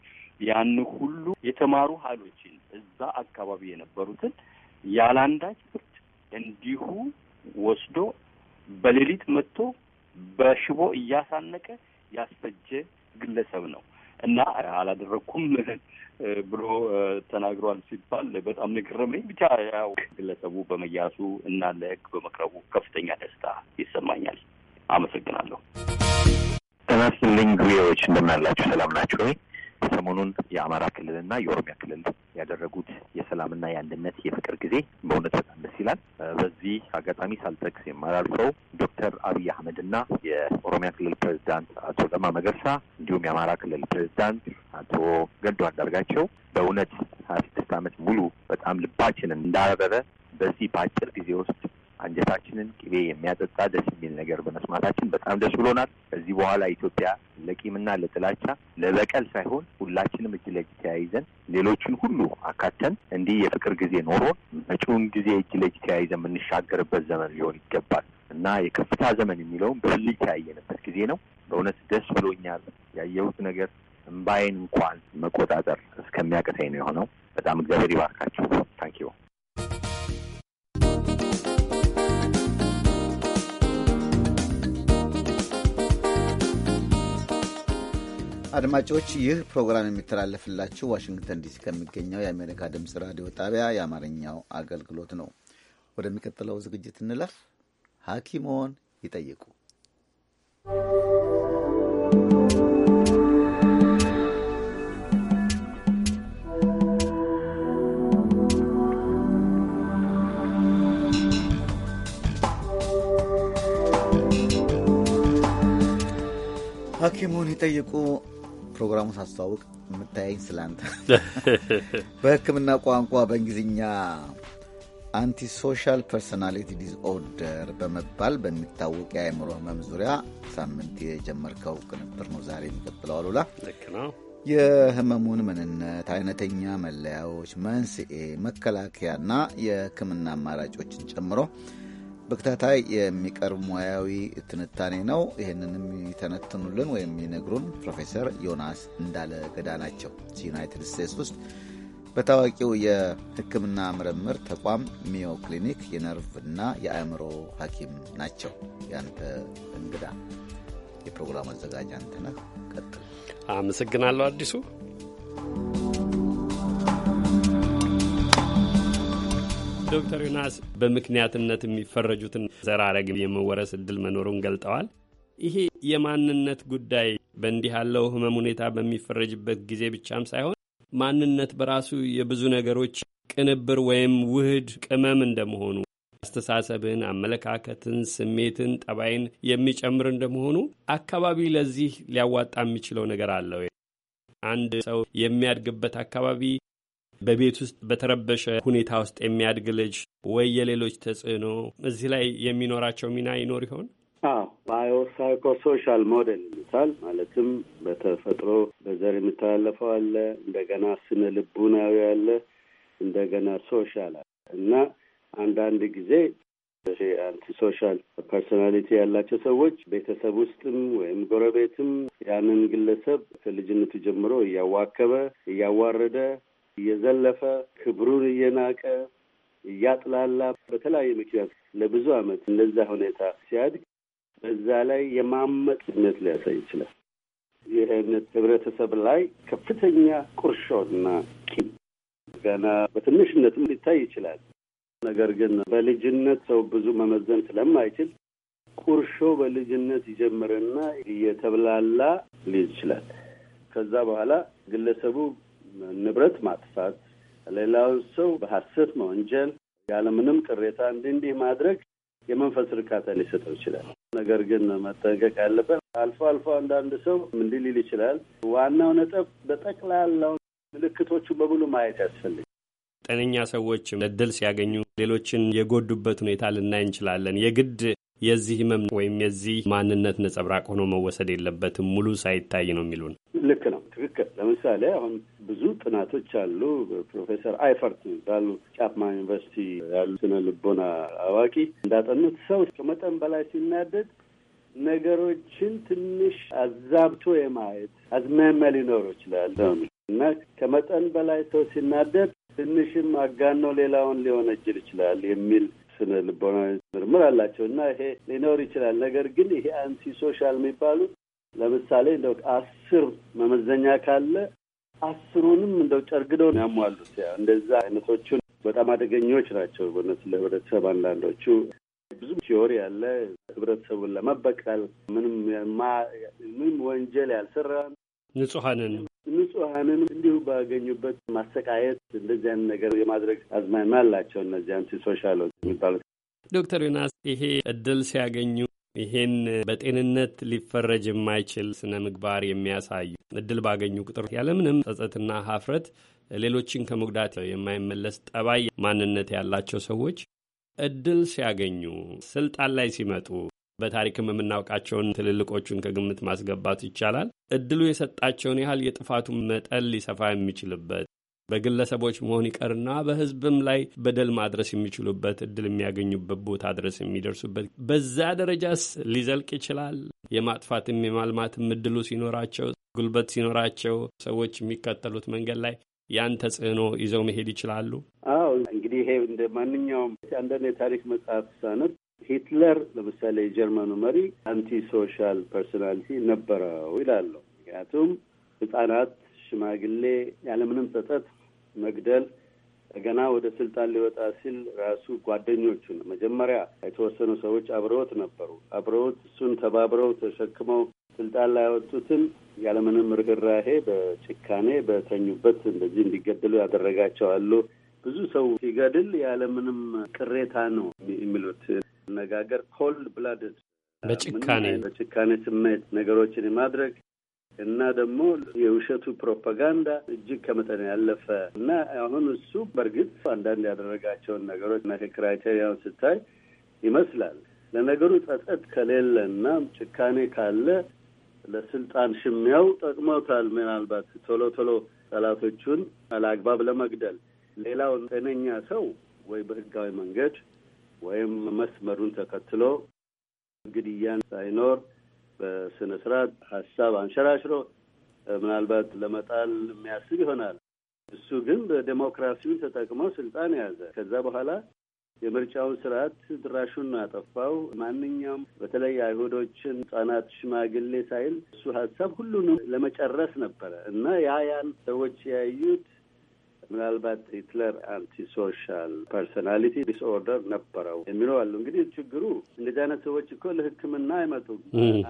ያን ሁሉ የተማሩ ኃይሎችን እዛ አካባቢ የነበሩትን ያላንዳች ፍርድ እንዲሁ ወስዶ በሌሊት መጥቶ በሽቦ እያሳነቀ ያስፈጀ ግለሰብ ነው። እና አላደረግኩም ብሎ ተናግሯል ሲባል በጣም ንግረመኝ ብቻ ያው ግለሰቡ በመያዙ እና ለህግ በመቅረቡ ከፍተኛ ደስታ ይሰማኛል። አመሰግናለሁ። ጤና ይስጥልኝ። እንደምናላቸው እንደምን አላችሁ? ሰላም ናችሁ ወይ? ሰሞኑን የአማራ ክልልና የኦሮሚያ ክልል ያደረጉት የሰላምና የአንድነት የፍቅር ጊዜ በእውነት በጣም ደስ ይላል። በዚህ አጋጣሚ ሳልጠቅስ የማላልፈው ዶክተር አብይ አህመድና የኦሮሚያ ክልል ፕሬዚዳንት አቶ ለማ መገርሳ እንዲሁም የአማራ ክልል ፕሬዚዳንት አቶ ገዱ አንዳርጋቸው በእውነት ሀያ ስድስት ዓመት ሙሉ በጣም ልባችንን እንዳረበበ በዚህ በአጭር ጊዜ ውስጥ አንጀታችንን ቅቤ የሚያጠጣ ደስ የሚል ነገር በመስማታችን በጣም ደስ ብሎናል። ከዚህ በኋላ ኢትዮጵያ ለቂምና ለጥላቻ ለበቀል ሳይሆን ሁላችንም እጅ ለእጅ ተያይዘን ሌሎችን ሁሉ አካተን እንዲህ የፍቅር ጊዜ ኖሮ መጪውን ጊዜ እጅ ለእጅ ተያይዘን የምንሻገርበት ዘመን ሊሆን ይገባል እና የከፍታ ዘመን የሚለውን በህልይ ተያየንበት ጊዜ ነው። በእውነት ደስ ብሎኛል። ያየሁት ነገር እምባዬን እንኳን መቆጣጠር እስከሚያቅተኝ ነው የሆነው። በጣም እግዚአብሔር ይባርካችሁ። ታንኪዩ አድማጮች ይህ ፕሮግራም የሚተላለፍላችሁ ዋሽንግተን ዲሲ ከሚገኘው የአሜሪካ ድምፅ ራዲዮ ጣቢያ የአማርኛው አገልግሎት ነው። ወደሚቀጥለው ዝግጅት እንለፍ። ሐኪሞን ይጠይቁ። ሐኪሙን ይጠይቁ ፕሮግራሙን ሳስተዋውቅ የምታየኝ ስላንተ በሕክምና ቋንቋ በእንግሊዝኛ አንቲሶሻል ፐርሶናሊቲ ዲስኦርደር በመባል በሚታወቅ የአእምሮ ህመም ዙሪያ ሳምንት የጀመርከው ቅንብር ነው ዛሬ የሚቀጥለው። አሉላ ልክ ነው። የህመሙን ምንነት፣ አይነተኛ መለያዎች፣ መንስኤ፣ መከላከያና የህክምና አማራጮችን ጨምሮ በተከታታይ የሚቀርብ ሙያዊ ትንታኔ ነው። ይህንንም ይተነትኑልን ወይም ይነግሩን ፕሮፌሰር ዮናስ እንዳለ ገዳ ናቸው። ዩናይትድ ስቴትስ ውስጥ በታዋቂው የሕክምና ምርምር ተቋም ሚዮ ክሊኒክ እና የአእምሮ ሐኪም ናቸው። ያንተ እንግዳ የፕሮግራም አዘጋጅ አንተነህ። ቀጥል። አመሰግናለሁ አዲሱ ዶክተር ዮናስ በምክንያትነት የሚፈረጁትን ዘራረግ የመወረስ እድል መኖሩን ገልጠዋል። ይሄ የማንነት ጉዳይ በእንዲህ ያለው ህመም ሁኔታ በሚፈረጅበት ጊዜ ብቻም ሳይሆን ማንነት በራሱ የብዙ ነገሮች ቅንብር ወይም ውህድ ቅመም እንደመሆኑ አስተሳሰብን፣ አመለካከትን፣ ስሜትን፣ ጠባይን የሚጨምር እንደመሆኑ አካባቢ ለዚህ ሊያዋጣ የሚችለው ነገር አለው። አንድ ሰው የሚያድግበት አካባቢ በቤት ውስጥ በተረበሸ ሁኔታ ውስጥ የሚያድግ ልጅ ወይ የሌሎች ተጽዕኖ እዚህ ላይ የሚኖራቸው ሚና ይኖር ይሆን? ባዮሳይኮሶሻል ሞዴል ይሉታል። ማለትም በተፈጥሮ በዘር የሚተላለፈው አለ፣ እንደገና ስነ ልቡናዊ አለ፣ እንደገና ሶሻል አለ እና አንዳንድ ጊዜ አንቲ ሶሻል ፐርሶናሊቲ ያላቸው ሰዎች ቤተሰብ ውስጥም ወይም ጎረቤትም ያንን ግለሰብ ከልጅነቱ ጀምሮ እያዋከበ እያዋረደ እየዘለፈ ክብሩን እየናቀ እያጥላላ በተለያየ ምክንያት ለብዙ ዓመት እንደዛ ሁኔታ ሲያድግ በዛ ላይ የማመጥ ሊያሳይ ይችላል። ይህ ህብረተሰብ ላይ ከፍተኛ ቁርሾና ቂም ገና በትንሽነትም ሊታይ ይችላል። ነገር ግን በልጅነት ሰው ብዙ መመዘን ስለማይችል ቁርሾ በልጅነት ይጀምርና እየተብላላ ሊይዝ ይችላል። ከዛ በኋላ ግለሰቡ ንብረት ማጥፋት፣ ሌላው ሰው በሐሰት መወንጀል ያለምንም ቅሬታ እንዲህ እንዲህ ማድረግ የመንፈስ እርካታ ሊሰጠው ይችላል። ነገር ግን መጠንቀቅ ያለበት አልፎ አልፎ አንዳንድ ሰው እንዲህ ሊል ይችላል። ዋናው ነጥብ በጠቅላላው ምልክቶቹ በሙሉ ማየት ያስፈልግ ጤነኛ ሰዎች እድል ሲያገኙ ሌሎችን የጎዱበት ሁኔታ ልናይ እንችላለን። የግድ የዚህ ህመም ወይም የዚህ ማንነት ነጸብራቅ ሆኖ መወሰድ የለበትም ሙሉ ሳይታይ ነው የሚሉን። ልክ ነው፣ ትክክል። ለምሳሌ አሁን ብዙ ጥናቶች አሉ። ፕሮፌሰር አይፈርት ባሉ ጫፕማ ዩኒቨርሲቲ ያሉ ስነ ልቦና አዋቂ እንዳጠኑት ሰው ከመጠን በላይ ሲናደድ ነገሮችን ትንሽ አዛብቶ የማየት አዝማሚያ ሊኖረው ይችላል እና ከመጠን በላይ ሰው ሲናደድ ትንሽም አጋኖ ሌላውን ሊሆን እጅል ይችላል የሚል ስነ ልቦናዊ ምርምር አላቸው እና ይሄ ሊኖር ይችላል። ነገር ግን ይሄ አንቲ ሶሻል የሚባሉት ለምሳሌ እንደው አስር መመዘኛ ካለ አስሩንም እንደው ጨርግደው ነው ያሟሉት። ያው እንደዛ አይነቶቹን በጣም አደገኞች ናቸው። በእውነት ለህብረተሰብ አንዳንዶቹ ብዙ ቲዮሪ ያለ ህብረተሰቡን ለመበቀል ምንም ምንም ወንጀል ያልሰራን ንጹሐንን ንጹሐንን እንዲሁ ባገኙበት ማሰቃየት እንደዚያን ነገር የማድረግ አዝማሚያ አላቸው እነዚያን አንቲ የሚባሉት። ዶክተር ዮናስ ይሄ እድል ሲያገኙ ይሄን በጤንነት ሊፈረጅ የማይችል ስነ ምግባር የሚያሳዩ እድል ባገኙ ቁጥር ያለምንም ጸጸትና ሀፍረት ሌሎችን ከመጉዳት የማይመለስ ጠባይ ማንነት ያላቸው ሰዎች እድል ሲያገኙ ስልጣን ላይ ሲመጡ በታሪክም የምናውቃቸውን ትልልቆቹን ከግምት ማስገባት ይቻላል። እድሉ የሰጣቸውን ያህል የጥፋቱን መጠን ሊሰፋ የሚችልበት በግለሰቦች መሆን ይቀርና በሕዝብም ላይ በደል ማድረስ የሚችሉበት እድል የሚያገኙበት ቦታ ድረስ የሚደርሱበት በዛ ደረጃስ ሊዘልቅ ይችላል። የማጥፋትም የማልማትም እድሉ ሲኖራቸው፣ ጉልበት ሲኖራቸው ሰዎች የሚከተሉት መንገድ ላይ ያን ተጽዕኖ ይዘው መሄድ ይችላሉ። አዎ እንግዲህ ይሄ እንደ ማንኛውም አንዳንድ የታሪክ መጽሐፍ ሳነት ሂትለር ለምሳሌ የጀርመኑ መሪ አንቲ ሶሻል ፐርሶናሊቲ ነበረው ይላለሁ። ምክንያቱም ህጻናት፣ ሽማግሌ ያለምንም ጸጸት መግደል ገና ወደ ስልጣን ሊወጣ ሲል ራሱ ጓደኞቹን መጀመሪያ የተወሰኑ ሰዎች አብረውት ነበሩ። አብረውት እሱን ተባብረው ተሸክመው ስልጣን ላይ ያወጡትን ያለምንም ርኅራሄ በጭካኔ በተኙበት እንደዚህ እንዲገደሉ ያደረጋቸዋሉ። ብዙ ሰው ሲገድል ያለምንም ቅሬታ ነው የሚሉት። መነጋገር ኮልድ ብላድድ uh, በጭካኔ በጭካኔ ስሜት ነገሮችን የማድረግ እና ደግሞ የውሸቱ ፕሮፓጋንዳ እጅግ ከመጠን ያለፈ እና አሁን እሱ በእርግጥ አንዳንድ ያደረጋቸውን ነገሮች እና ከክራይቴሪያውን ስታይ ይመስላል። ለነገሩ ጸጸት ከሌለ እና ጭካኔ ካለ ለስልጣን ሽሚያው ጠቅሞታል። ምናልባት ቶሎ ቶሎ ጠላቶቹን አለአግባብ ለመግደል ሌላውን ጤነኛ ሰው ወይ በህጋዊ መንገድ ወይም መስመሩን ተከትሎ ግድያን ሳይኖር በስነ ስርዓት ሀሳብ አንሸራሽሮ ምናልባት ለመጣል የሚያስብ ይሆናል። እሱ ግን በዴሞክራሲውን ተጠቅሞ ስልጣን የያዘ ከዛ በኋላ የምርጫውን ስርዓት ድራሹን አጠፋው። ማንኛውም በተለይ አይሁዶችን፣ ህጻናት፣ ሽማግሌ ሳይል እሱ ሀሳብ ሁሉንም ለመጨረስ ነበረ እና ያ ያን ሰዎች ያዩት ምናልባት ሂትለር አንቲ ሶሻል ፐርሶናሊቲ ዲስኦርደር ነበረው የሚለው አሉ። እንግዲህ ችግሩ እንደዚህ አይነት ሰዎች እኮ ለሕክምና አይመጡም።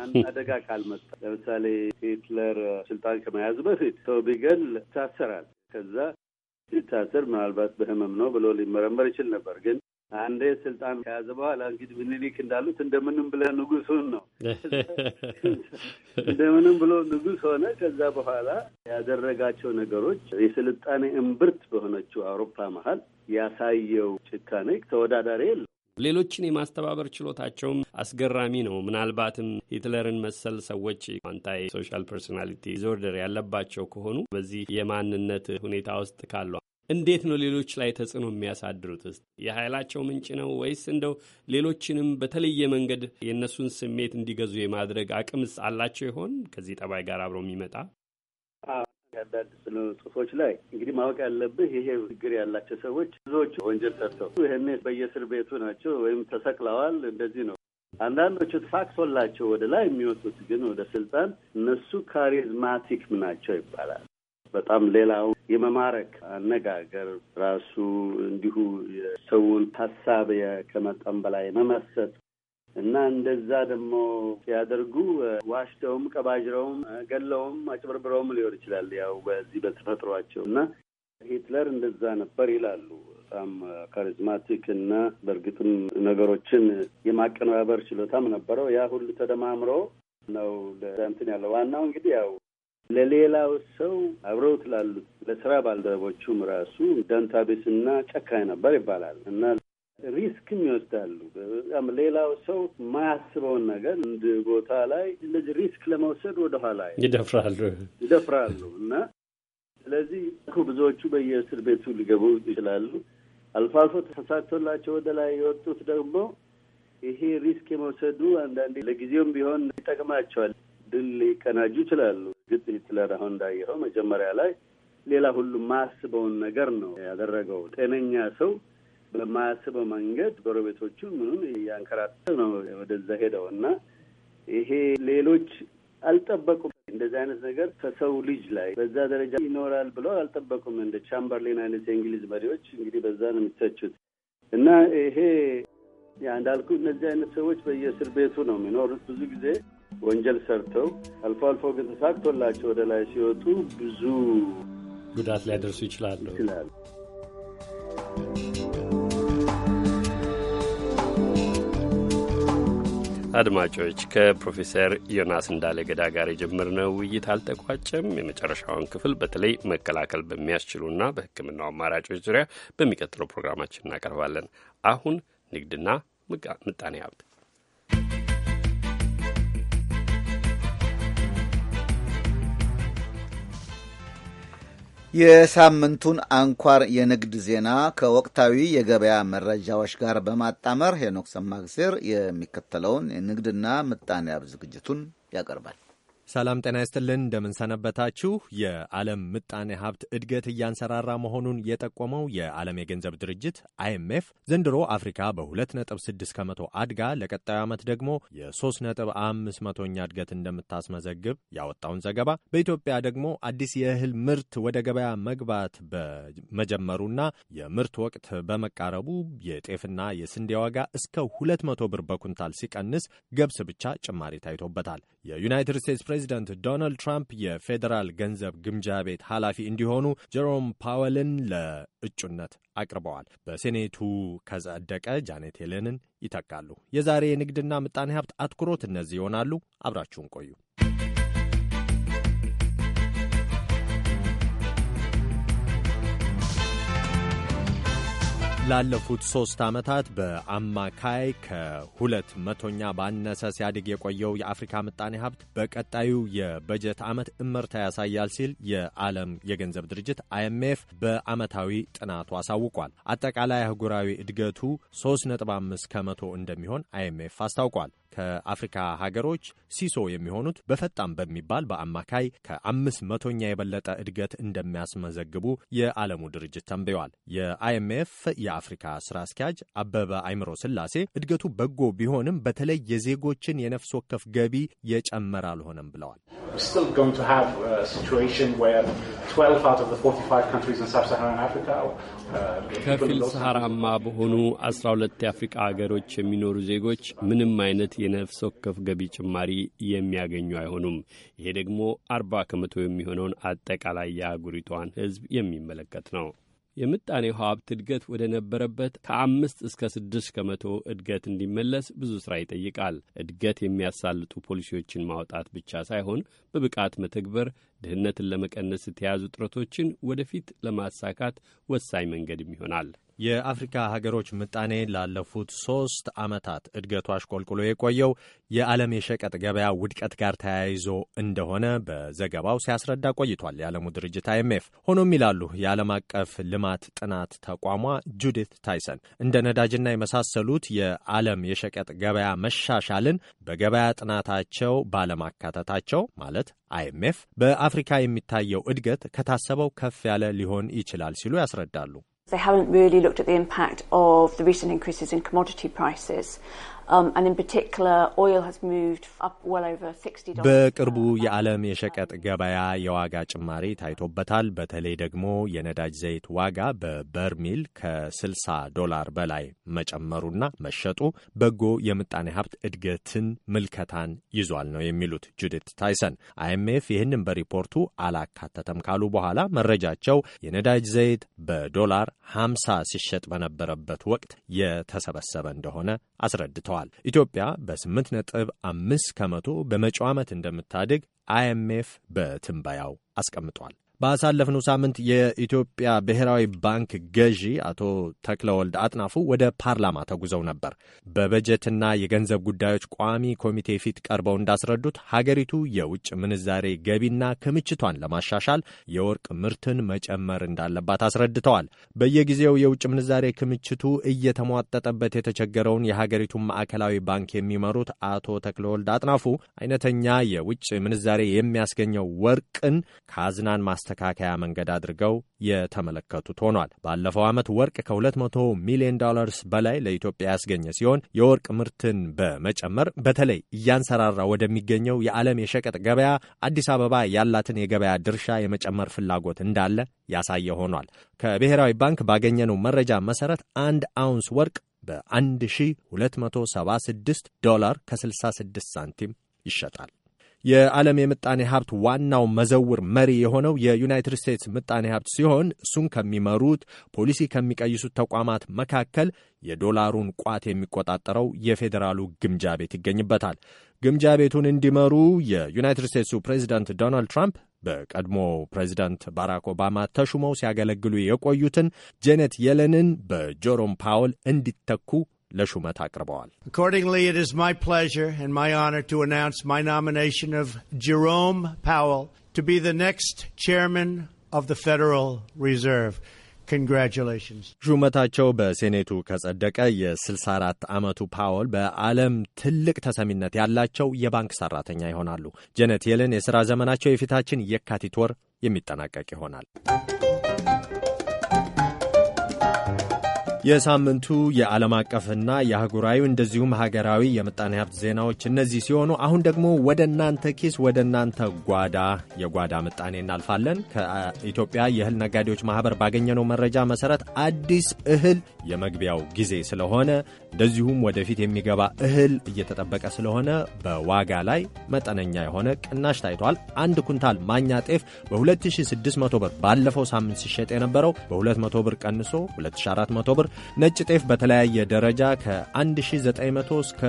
አንድ አደጋ ካልመጣ ለምሳሌ ሂትለር ስልጣን ከመያዝ በፊት ሰው ቢገል ይታሰራል። ከዛ ሲታሰር ምናልባት በህመም ነው ብሎ ሊመረመር ይችል ነበር ግን አንዴ ስልጣን ከያዘ በኋላ እንግዲህ ምኒልክ እንዳሉት እንደምንም ብለህ ንጉሱን ነው እንደምንም ብሎ ንጉስ ሆነ። ከዛ በኋላ ያደረጋቸው ነገሮች የስልጣኔ እምብርት በሆነችው አውሮፓ መሀል ያሳየው ጭካኔ ተወዳዳሪ የለ። ሌሎችን የማስተባበር ችሎታቸውም አስገራሚ ነው። ምናልባትም ሂትለርን መሰል ሰዎች አንታይ ሶሻል ፐርሶናሊቲ ዲስኦርደር ያለባቸው ከሆኑ በዚህ የማንነት ሁኔታ ውስጥ ካሉ እንዴት ነው ሌሎች ላይ ተጽዕኖ የሚያሳድሩት? የኃይላቸው ምንጭ ነው ወይስ እንደው ሌሎችንም በተለየ መንገድ የእነሱን ስሜት እንዲገዙ የማድረግ አቅምስ አላቸው ይሆን? ከዚህ ጠባይ ጋር አብሮ የሚመጣ አንዳንድ ስነ ጽሁፎች ላይ እንግዲህ ማወቅ ያለብህ ይሄ ችግር ያላቸው ሰዎች ብዙዎቹ ወንጀል ሰርተው ይህን በየእስር ቤቱ ናቸው ወይም ተሰቅለዋል። እንደዚህ ነው። አንዳንዶቹ ተፋቅሶላቸው ወደ ላይ የሚወጡት ግን ወደ ስልጣን እነሱ ካሪዝማቲክም ናቸው ይባላል። በጣም ሌላው የመማረክ አነጋገር ራሱ እንዲሁ የሰውን ሀሳብ ከመጠን በላይ መመሰጥ እና እንደዛ ደግሞ ሲያደርጉ ዋሽተውም ቀባጅረውም ገለውም አጭበርብረውም ሊሆን ይችላል። ያው በዚህ በተፈጥሯቸው እና ሂትለር እንደዛ ነበር ይላሉ። በጣም ካሪዝማቲክ እና በእርግጥም ነገሮችን የማቀነባበር ችሎታም ነበረው። ያ ሁሉ ተደማምሮ ነው እንትን ያለው። ዋናው እንግዲህ ያው ለሌላው ሰው አብረውት ላሉት ለስራ ባልደረቦቹም ራሱ ደንታቤስና ጨካኝ ነበር ይባላል እና ሪስክም ይወስዳሉ። በጣም ሌላው ሰው የማያስበውን ነገር እንድ ቦታ ላይ እንደዚህ ሪስክ ለመውሰድ ወደኋላ ይደፍራሉ ይደፍራሉ እና ስለዚህ ብዙዎቹ በየእስር ቤቱ ሊገቡ ይችላሉ። አልፎ አልፎ ተሳክቶላቸው ወደ ላይ የወጡት ደግሞ ይሄ ሪስክ የመውሰዱ አንዳንዴ ለጊዜውም ቢሆን ይጠቅማቸዋል። ድል ሊቀናጁ ይችላሉ። ግጥ ሂትለር አሁን እንዳየኸው መጀመሪያ ላይ ሌላ ሁሉም ማያስበውን ነገር ነው ያደረገው። ጤነኛ ሰው በማያስበው መንገድ ጎረቤቶቹ ምኑን እያንከራተ ነው ወደዛ ሄደው እና ይሄ ሌሎች አልጠበቁም። እንደዚህ አይነት ነገር ከሰው ልጅ ላይ በዛ ደረጃ ይኖራል ብለው አልጠበቁም። እንደ ቻምበርሊን አይነት የእንግሊዝ መሪዎች እንግዲህ በዛ ነው የሚተቹት እና ይሄ እንዳልኩ እነዚህ አይነት ሰዎች በየእስር ቤቱ ነው የሚኖሩት ብዙ ጊዜ ወንጀል ሰርተው አልፎ አልፎ ግን ተሳክቶላቸው ወደ ላይ ሲወጡ ብዙ ጉዳት ሊያደርሱ ይችላሉ አድማጮች ከፕሮፌሰር ዮናስ እንዳለ ገዳ ጋር የጀመርነው ውይይት አልተቋጨም። የመጨረሻውን ክፍል በተለይ መከላከል በሚያስችሉና በሕክምናው አማራጮች ዙሪያ በሚቀጥለው ፕሮግራማችን እናቀርባለን። አሁን ንግድና ምጣኔ ሀብት የሳምንቱን አንኳር የንግድ ዜና ከወቅታዊ የገበያ መረጃዎች ጋር በማጣመር ሄኖክ ሰማግዜር የሚከተለውን የንግድና ምጣኔ ሀብት ዝግጅቱን ያቀርባል። ሰላም ጤና ይስጥልን፣ እንደምንሰነበታችሁ። የዓለም ምጣኔ ሀብት እድገት እያንሰራራ መሆኑን የጠቆመው የዓለም የገንዘብ ድርጅት አይኤምኤፍ ዘንድሮ አፍሪካ በ2.6 ከመቶ አድጋ ለቀጣዩ ዓመት ደግሞ የ3.5 መቶኛ እድገት እንደምታስመዘግብ ያወጣውን ዘገባ በኢትዮጵያ ደግሞ አዲስ የእህል ምርት ወደ ገበያ መግባት በመጀመሩና የምርት ወቅት በመቃረቡ የጤፍና የስንዴ ዋጋ እስከ 200 ብር በኩንታል ሲቀንስ ገብስ ብቻ ጭማሪ ታይቶበታል። የዩናይትድ ስቴትስ ፕሬዚደንት ዶናልድ ትራምፕ የፌዴራል ገንዘብ ግምጃ ቤት ኃላፊ እንዲሆኑ ጀሮም ፓወልን ለእጩነት አቅርበዋል። በሴኔቱ ከጸደቀ ጃኔት ሄለንን ይተካሉ። የዛሬ የንግድና ምጣኔ ሀብት አትኩሮት እነዚህ ይሆናሉ። አብራችሁን ቆዩ። ላለፉት ሦስት ዓመታት በአማካይ ከሁለት መቶኛ ባነሰ ሲያድግ የቆየው የአፍሪካ ምጣኔ ሀብት በቀጣዩ የበጀት ዓመት እመርታ ያሳያል ሲል የዓለም የገንዘብ ድርጅት አይኤምኤፍ በዓመታዊ ጥናቱ አሳውቋል። አጠቃላይ አህጉራዊ እድገቱ 3.5 ከመቶ እንደሚሆን አይኤምኤፍ አስታውቋል። ከአፍሪካ ሀገሮች ሲሶ የሚሆኑት በፈጣን በሚባል በአማካይ ከአምስት መቶኛ የበለጠ እድገት እንደሚያስመዘግቡ የዓለሙ ድርጅት ተንብየዋል። የአይኤምኤፍ የአፍሪካ ስራ አስኪያጅ አበበ አይምሮ ስላሴ እድገቱ በጎ ቢሆንም በተለይ የዜጎችን የነፍስ ወከፍ ገቢ የጨመረ አልሆነም ብለዋል። uh, ከፊል ሰሃራማ በሆኑ 12 የአፍሪካ ሀገሮች የሚኖሩ ዜጎች ምንም አይነት የነፍስ ወከፍ ገቢ ጭማሪ የሚያገኙ አይሆኑም። ይሄ ደግሞ አርባ ከመቶ የሚሆነውን አጠቃላይ የአህጉሪቷን ሕዝብ የሚመለከት ነው። የምጣኔው ሀብት እድገት ወደ ነበረበት ከአምስት እስከ ስድስት ከመቶ እድገት እንዲመለስ ብዙ ስራ ይጠይቃል። እድገት የሚያሳልጡ ፖሊሲዎችን ማውጣት ብቻ ሳይሆን በብቃት መተግበር ድህነትን ለመቀነስ የተያዙ ጥረቶችን ወደፊት ለማሳካት ወሳኝ መንገድም ይሆናል። የአፍሪካ ሀገሮች ምጣኔ ላለፉት ሶስት ዓመታት እድገቱ አሽቆልቁሎ የቆየው የዓለም የሸቀጥ ገበያ ውድቀት ጋር ተያይዞ እንደሆነ በዘገባው ሲያስረዳ ቆይቷል የዓለሙ ድርጅት አይኤምኤፍ። ሆኖም ይላሉ የዓለም አቀፍ ልማት ጥናት ተቋሟ ጁዲት ታይሰን እንደ ነዳጅና የመሳሰሉት የዓለም የሸቀጥ ገበያ መሻሻልን በገበያ ጥናታቸው ባለማካተታቸው ማለት አይኤምኤፍ በአፍሪካ የሚታየው እድገት ከታሰበው ከፍ ያለ ሊሆን ይችላል ሲሉ ያስረዳሉ። They haven't really looked at the impact of the recent increases in commodity prices Um, በቅርቡ የዓለም የሸቀጥ ገበያ የዋጋ ጭማሪ ታይቶበታል። በተለይ ደግሞ የነዳጅ ዘይት ዋጋ በበርሚል ከ60 ዶላር በላይ መጨመሩና መሸጡ በጎ የምጣኔ ሀብት እድገትን ምልከታን ይዟል ነው የሚሉት ጁዲት ታይሰን። አይኤምኤፍ ይህንን በሪፖርቱ አላካተተም ካሉ በኋላ መረጃቸው የነዳጅ ዘይት በዶላር 50 ሲሸጥ በነበረበት ወቅት የተሰበሰበ እንደሆነ አስረድተዋል። ገልጸዋል። ኢትዮጵያ በ8 ነጥብ 5 ከመቶ በመጪው ዓመት እንደምታድግ አይኤምኤፍ በትንበያው አስቀምጧል። ባሳለፍነው ሳምንት የኢትዮጵያ ብሔራዊ ባንክ ገዢ አቶ ተክለወልድ አጥናፉ ወደ ፓርላማ ተጉዘው ነበር። በበጀትና የገንዘብ ጉዳዮች ቋሚ ኮሚቴ ፊት ቀርበው እንዳስረዱት ሀገሪቱ የውጭ ምንዛሬ ገቢና ክምችቷን ለማሻሻል የወርቅ ምርትን መጨመር እንዳለባት አስረድተዋል። በየጊዜው የውጭ ምንዛሬ ክምችቱ እየተሟጠጠበት የተቸገረውን የሀገሪቱን ማዕከላዊ ባንክ የሚመሩት አቶ ተክለወልድ አጥናፉ አይነተኛ የውጭ ምንዛሬ የሚያስገኘው ወርቅን ካዝናን ማስ ማስተካከያ መንገድ አድርገው የተመለከቱት ሆኗል። ባለፈው ዓመት ወርቅ ከ200 ሚሊዮን ዶላርስ በላይ ለኢትዮጵያ ያስገኘ ሲሆን የወርቅ ምርትን በመጨመር በተለይ እያንሰራራ ወደሚገኘው የዓለም የሸቀጥ ገበያ አዲስ አበባ ያላትን የገበያ ድርሻ የመጨመር ፍላጎት እንዳለ ያሳየ ሆኗል። ከብሔራዊ ባንክ ባገኘነው መረጃ መሰረት አንድ አውንስ ወርቅ በ1276 ዶላር ከ66 ሳንቲም ይሸጣል። የዓለም የምጣኔ ሀብት ዋናው መዘውር መሪ የሆነው የዩናይትድ ስቴትስ ምጣኔ ሀብት ሲሆን እሱን ከሚመሩት ፖሊሲ ከሚቀይሱት ተቋማት መካከል የዶላሩን ቋት የሚቆጣጠረው የፌዴራሉ ግምጃ ቤት ይገኝበታል። ግምጃ ቤቱን እንዲመሩ የዩናይትድ ስቴትሱ ፕሬዚዳንት ዶናልድ ትራምፕ በቀድሞ ፕሬዚዳንት ባራክ ኦባማ ተሹመው ሲያገለግሉ የቆዩትን ጄኔት የለንን በጆሮም ፓወል እንዲተኩ ለሹመት አቅርበዋል። ሹመታቸው በሴኔቱ ከጸደቀ የ64 ዓመቱ ፓወል በዓለም ትልቅ ተሰሚነት ያላቸው የባንክ ሠራተኛ ይሆናሉ። ጀነት የለን የሥራ ዘመናቸው የፊታችን የካቲት ወር የሚጠናቀቅ ይሆናል። የሳምንቱ የዓለም አቀፍና የአህጉራዊ እንደዚሁም ሀገራዊ የምጣኔ ሀብት ዜናዎች እነዚህ ሲሆኑ አሁን ደግሞ ወደ እናንተ ኪስ ወደ እናንተ ጓዳ የጓዳ ምጣኔ እናልፋለን። ከኢትዮጵያ የእህል ነጋዴዎች ማህበር ባገኘነው መረጃ መሰረት አዲስ እህል የመግቢያው ጊዜ ስለሆነ እንደዚሁም ወደፊት የሚገባ እህል እየተጠበቀ ስለሆነ በዋጋ ላይ መጠነኛ የሆነ ቅናሽ ታይቷል። አንድ ኩንታል ማኛ ጤፍ በ2600 ብር ባለፈው ሳምንት ሲሸጥ የነበረው በ200 ብር ቀንሶ 2400 ብር፣ ነጭ ጤፍ በተለያየ ደረጃ ከ1900 እስከ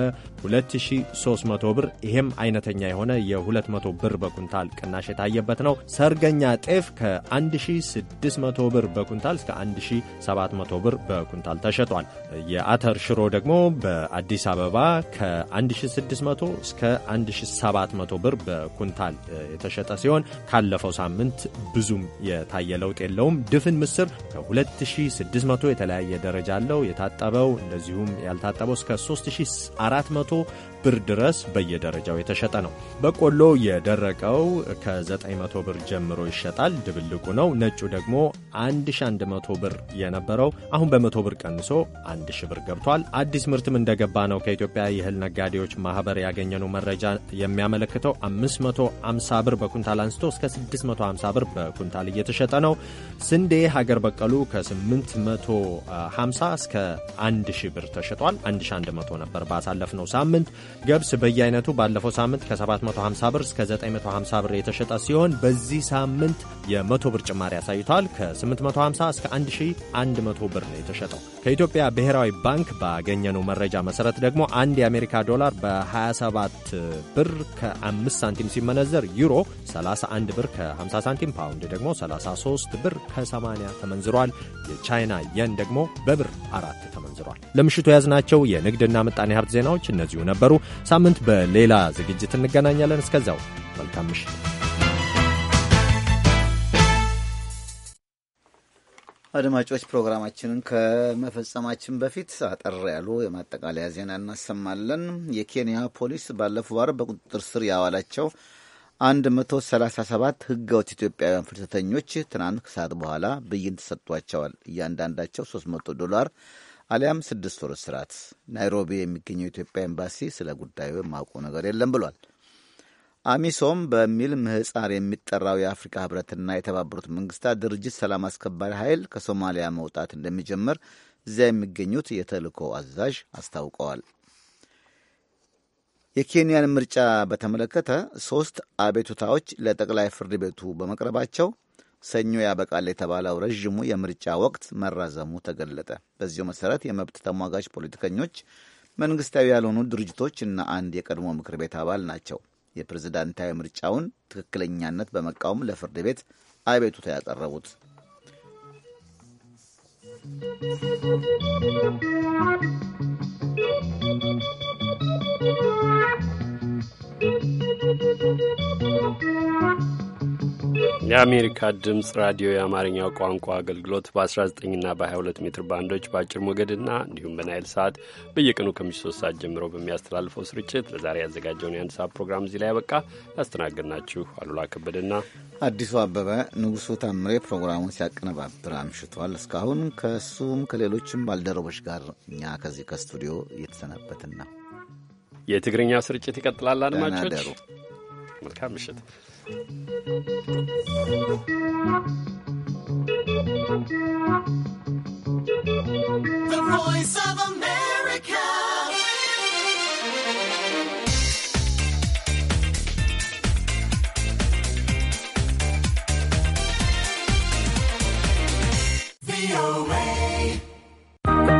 2300 ብር፣ ይሄም አይነተኛ የሆነ የ200 ብር በኩንታል ቅናሽ የታየበት ነው። ሰርገኛ ጤፍ ከ1600 ብር በኩንታል እስከ 1700 ብር በኩንታል ተሸጧል። የአተር ሽሮ ደግሞ በአዲስ አበባ ከ1600 እስከ 1700 ብር በኩንታል የተሸጠ ሲሆን ካለፈው ሳምንት ብዙም የታየ ለውጥ የለውም። ድፍን ምስር ከ2600 የተለያየ ደረጃ አለው። የታጠበው እንደዚሁም ያልታጠበው እስከ 3400 ብር ድረስ በየደረጃው የተሸጠ ነው። በቆሎ የደረቀው ከ900 ብር ጀምሮ ይሸጣል። ድብልቁ ነው። ነጩ ደግሞ 1100 ብር የነበረው አሁን በ100 ብር ቀንሶ 1000 ብር ገብቷል። አዲስ ምርትም እንደገባ ነው ከኢትዮጵያ የእህል ነጋዴዎች ማህበር ያገኘነው መረጃ የሚያመለክተው 550 ብር በኩንታል አንስቶ እስከ 650 ብር በኩንታል እየተሸጠ ነው። ስንዴ ሀገር በቀሉ ከ850 እስከ 1000 ብር ተሸጧል። 1100 ነበር ባሳለፍነው ሳምንት። ገብስ በየአይነቱ ባለፈው ሳምንት ከ750 ብር እስከ 950 ብር የተሸጠ ሲሆን በዚህ ሳምንት የ100 ብር ጭማሪ አሳይቷል። ከ850 እስከ 1100 ብር ነው የተሸጠው። ከኢትዮጵያ ብሔራዊ ባንክ ባገኘነው መረጃ መሰረት ደግሞ አንድ የአሜሪካ ዶላር በ27 ብር ከ5 ሳንቲም ሲመነዘር ዩሮ 31 ብር ከ50 ሳንቲም፣ ፓውንድ ደግሞ 33 ብር ከ80 ተመንዝሯል። የቻይና የን ደግሞ በብር አራት ተመንዝሯል። ለምሽቱ የያዝናቸው የንግድና ምጣኔ ሀብት ዜናዎች እነዚሁ ነበሩ። ሳምንት በሌላ ዝግጅት እንገናኛለን። እስከዚያው መልካም ምሽት። አድማጮች ፕሮግራማችንን ከመፈጸማችን በፊት አጠር ያሉ የማጠቃለያ ዜና እናሰማለን። የኬንያ ፖሊስ ባለፈው ወር በቁጥጥር ስር ያዋላቸው 137 ህገወጥ ኢትዮጵያውያን ፍልሰተኞች ትናንት ከሰዓት በኋላ ብይን ተሰጥቷቸዋል። እያንዳንዳቸው 300 ዶላር አሊያም ስድስት ወር እስራት። ናይሮቢ የሚገኘው የኢትዮጵያ ኤምባሲ ስለ ጉዳዩ የማውቀው ነገር የለም ብሏል። አሚሶም በሚል ምህጻር የሚጠራው የአፍሪካ ህብረትና የተባበሩት መንግስታት ድርጅት ሰላም አስከባሪ ኃይል ከሶማሊያ መውጣት እንደሚጀምር እዚያ የሚገኙት የተልእኮ አዛዥ አስታውቀዋል። የኬንያን ምርጫ በተመለከተ ሶስት አቤቱታዎች ለጠቅላይ ፍርድ ቤቱ በመቅረባቸው ሰኞ ያበቃል የተባለው ረዥሙ የምርጫ ወቅት መራዘሙ ተገለጠ። በዚሁ መሠረት የመብት ተሟጋች ፖለቲከኞች፣ መንግሥታዊ ያልሆኑ ድርጅቶች እና አንድ የቀድሞ ምክር ቤት አባል ናቸው የፕሬዝዳንታዊ ምርጫውን ትክክለኛነት በመቃወም ለፍርድ ቤት አቤቱታ ያቀረቡት። Thank you. የአሜሪካ ድምፅ ራዲዮ የአማርኛው ቋንቋ አገልግሎት በ19ና በ22 ሜትር ባንዶች በአጭር ሞገድና እንዲሁም በናይል ሰዓት በየቀኑ ከምሽቱ 3 ሰዓት ጀምሮ በሚያስተላልፈው ስርጭት ለዛሬ ያዘጋጀውን የአንድ ሰዓት ፕሮግራም እዚህ ላይ ያበቃ። ያስተናገድናችሁ አሉላ ከበደና አዲሱ አበበ፣ ንጉሱ ታምሬ ፕሮግራሙን ሲያቀነባብር አምሽቷል። እስካሁን ከእሱም ከሌሎችም ባልደረቦች ጋር እኛ ከዚህ ከስቱዲዮ እየተሰናበትን ነው። የትግርኛ ስርጭት ይቀጥላል። አድማጮች መልካም ምሽት። The voice of America. The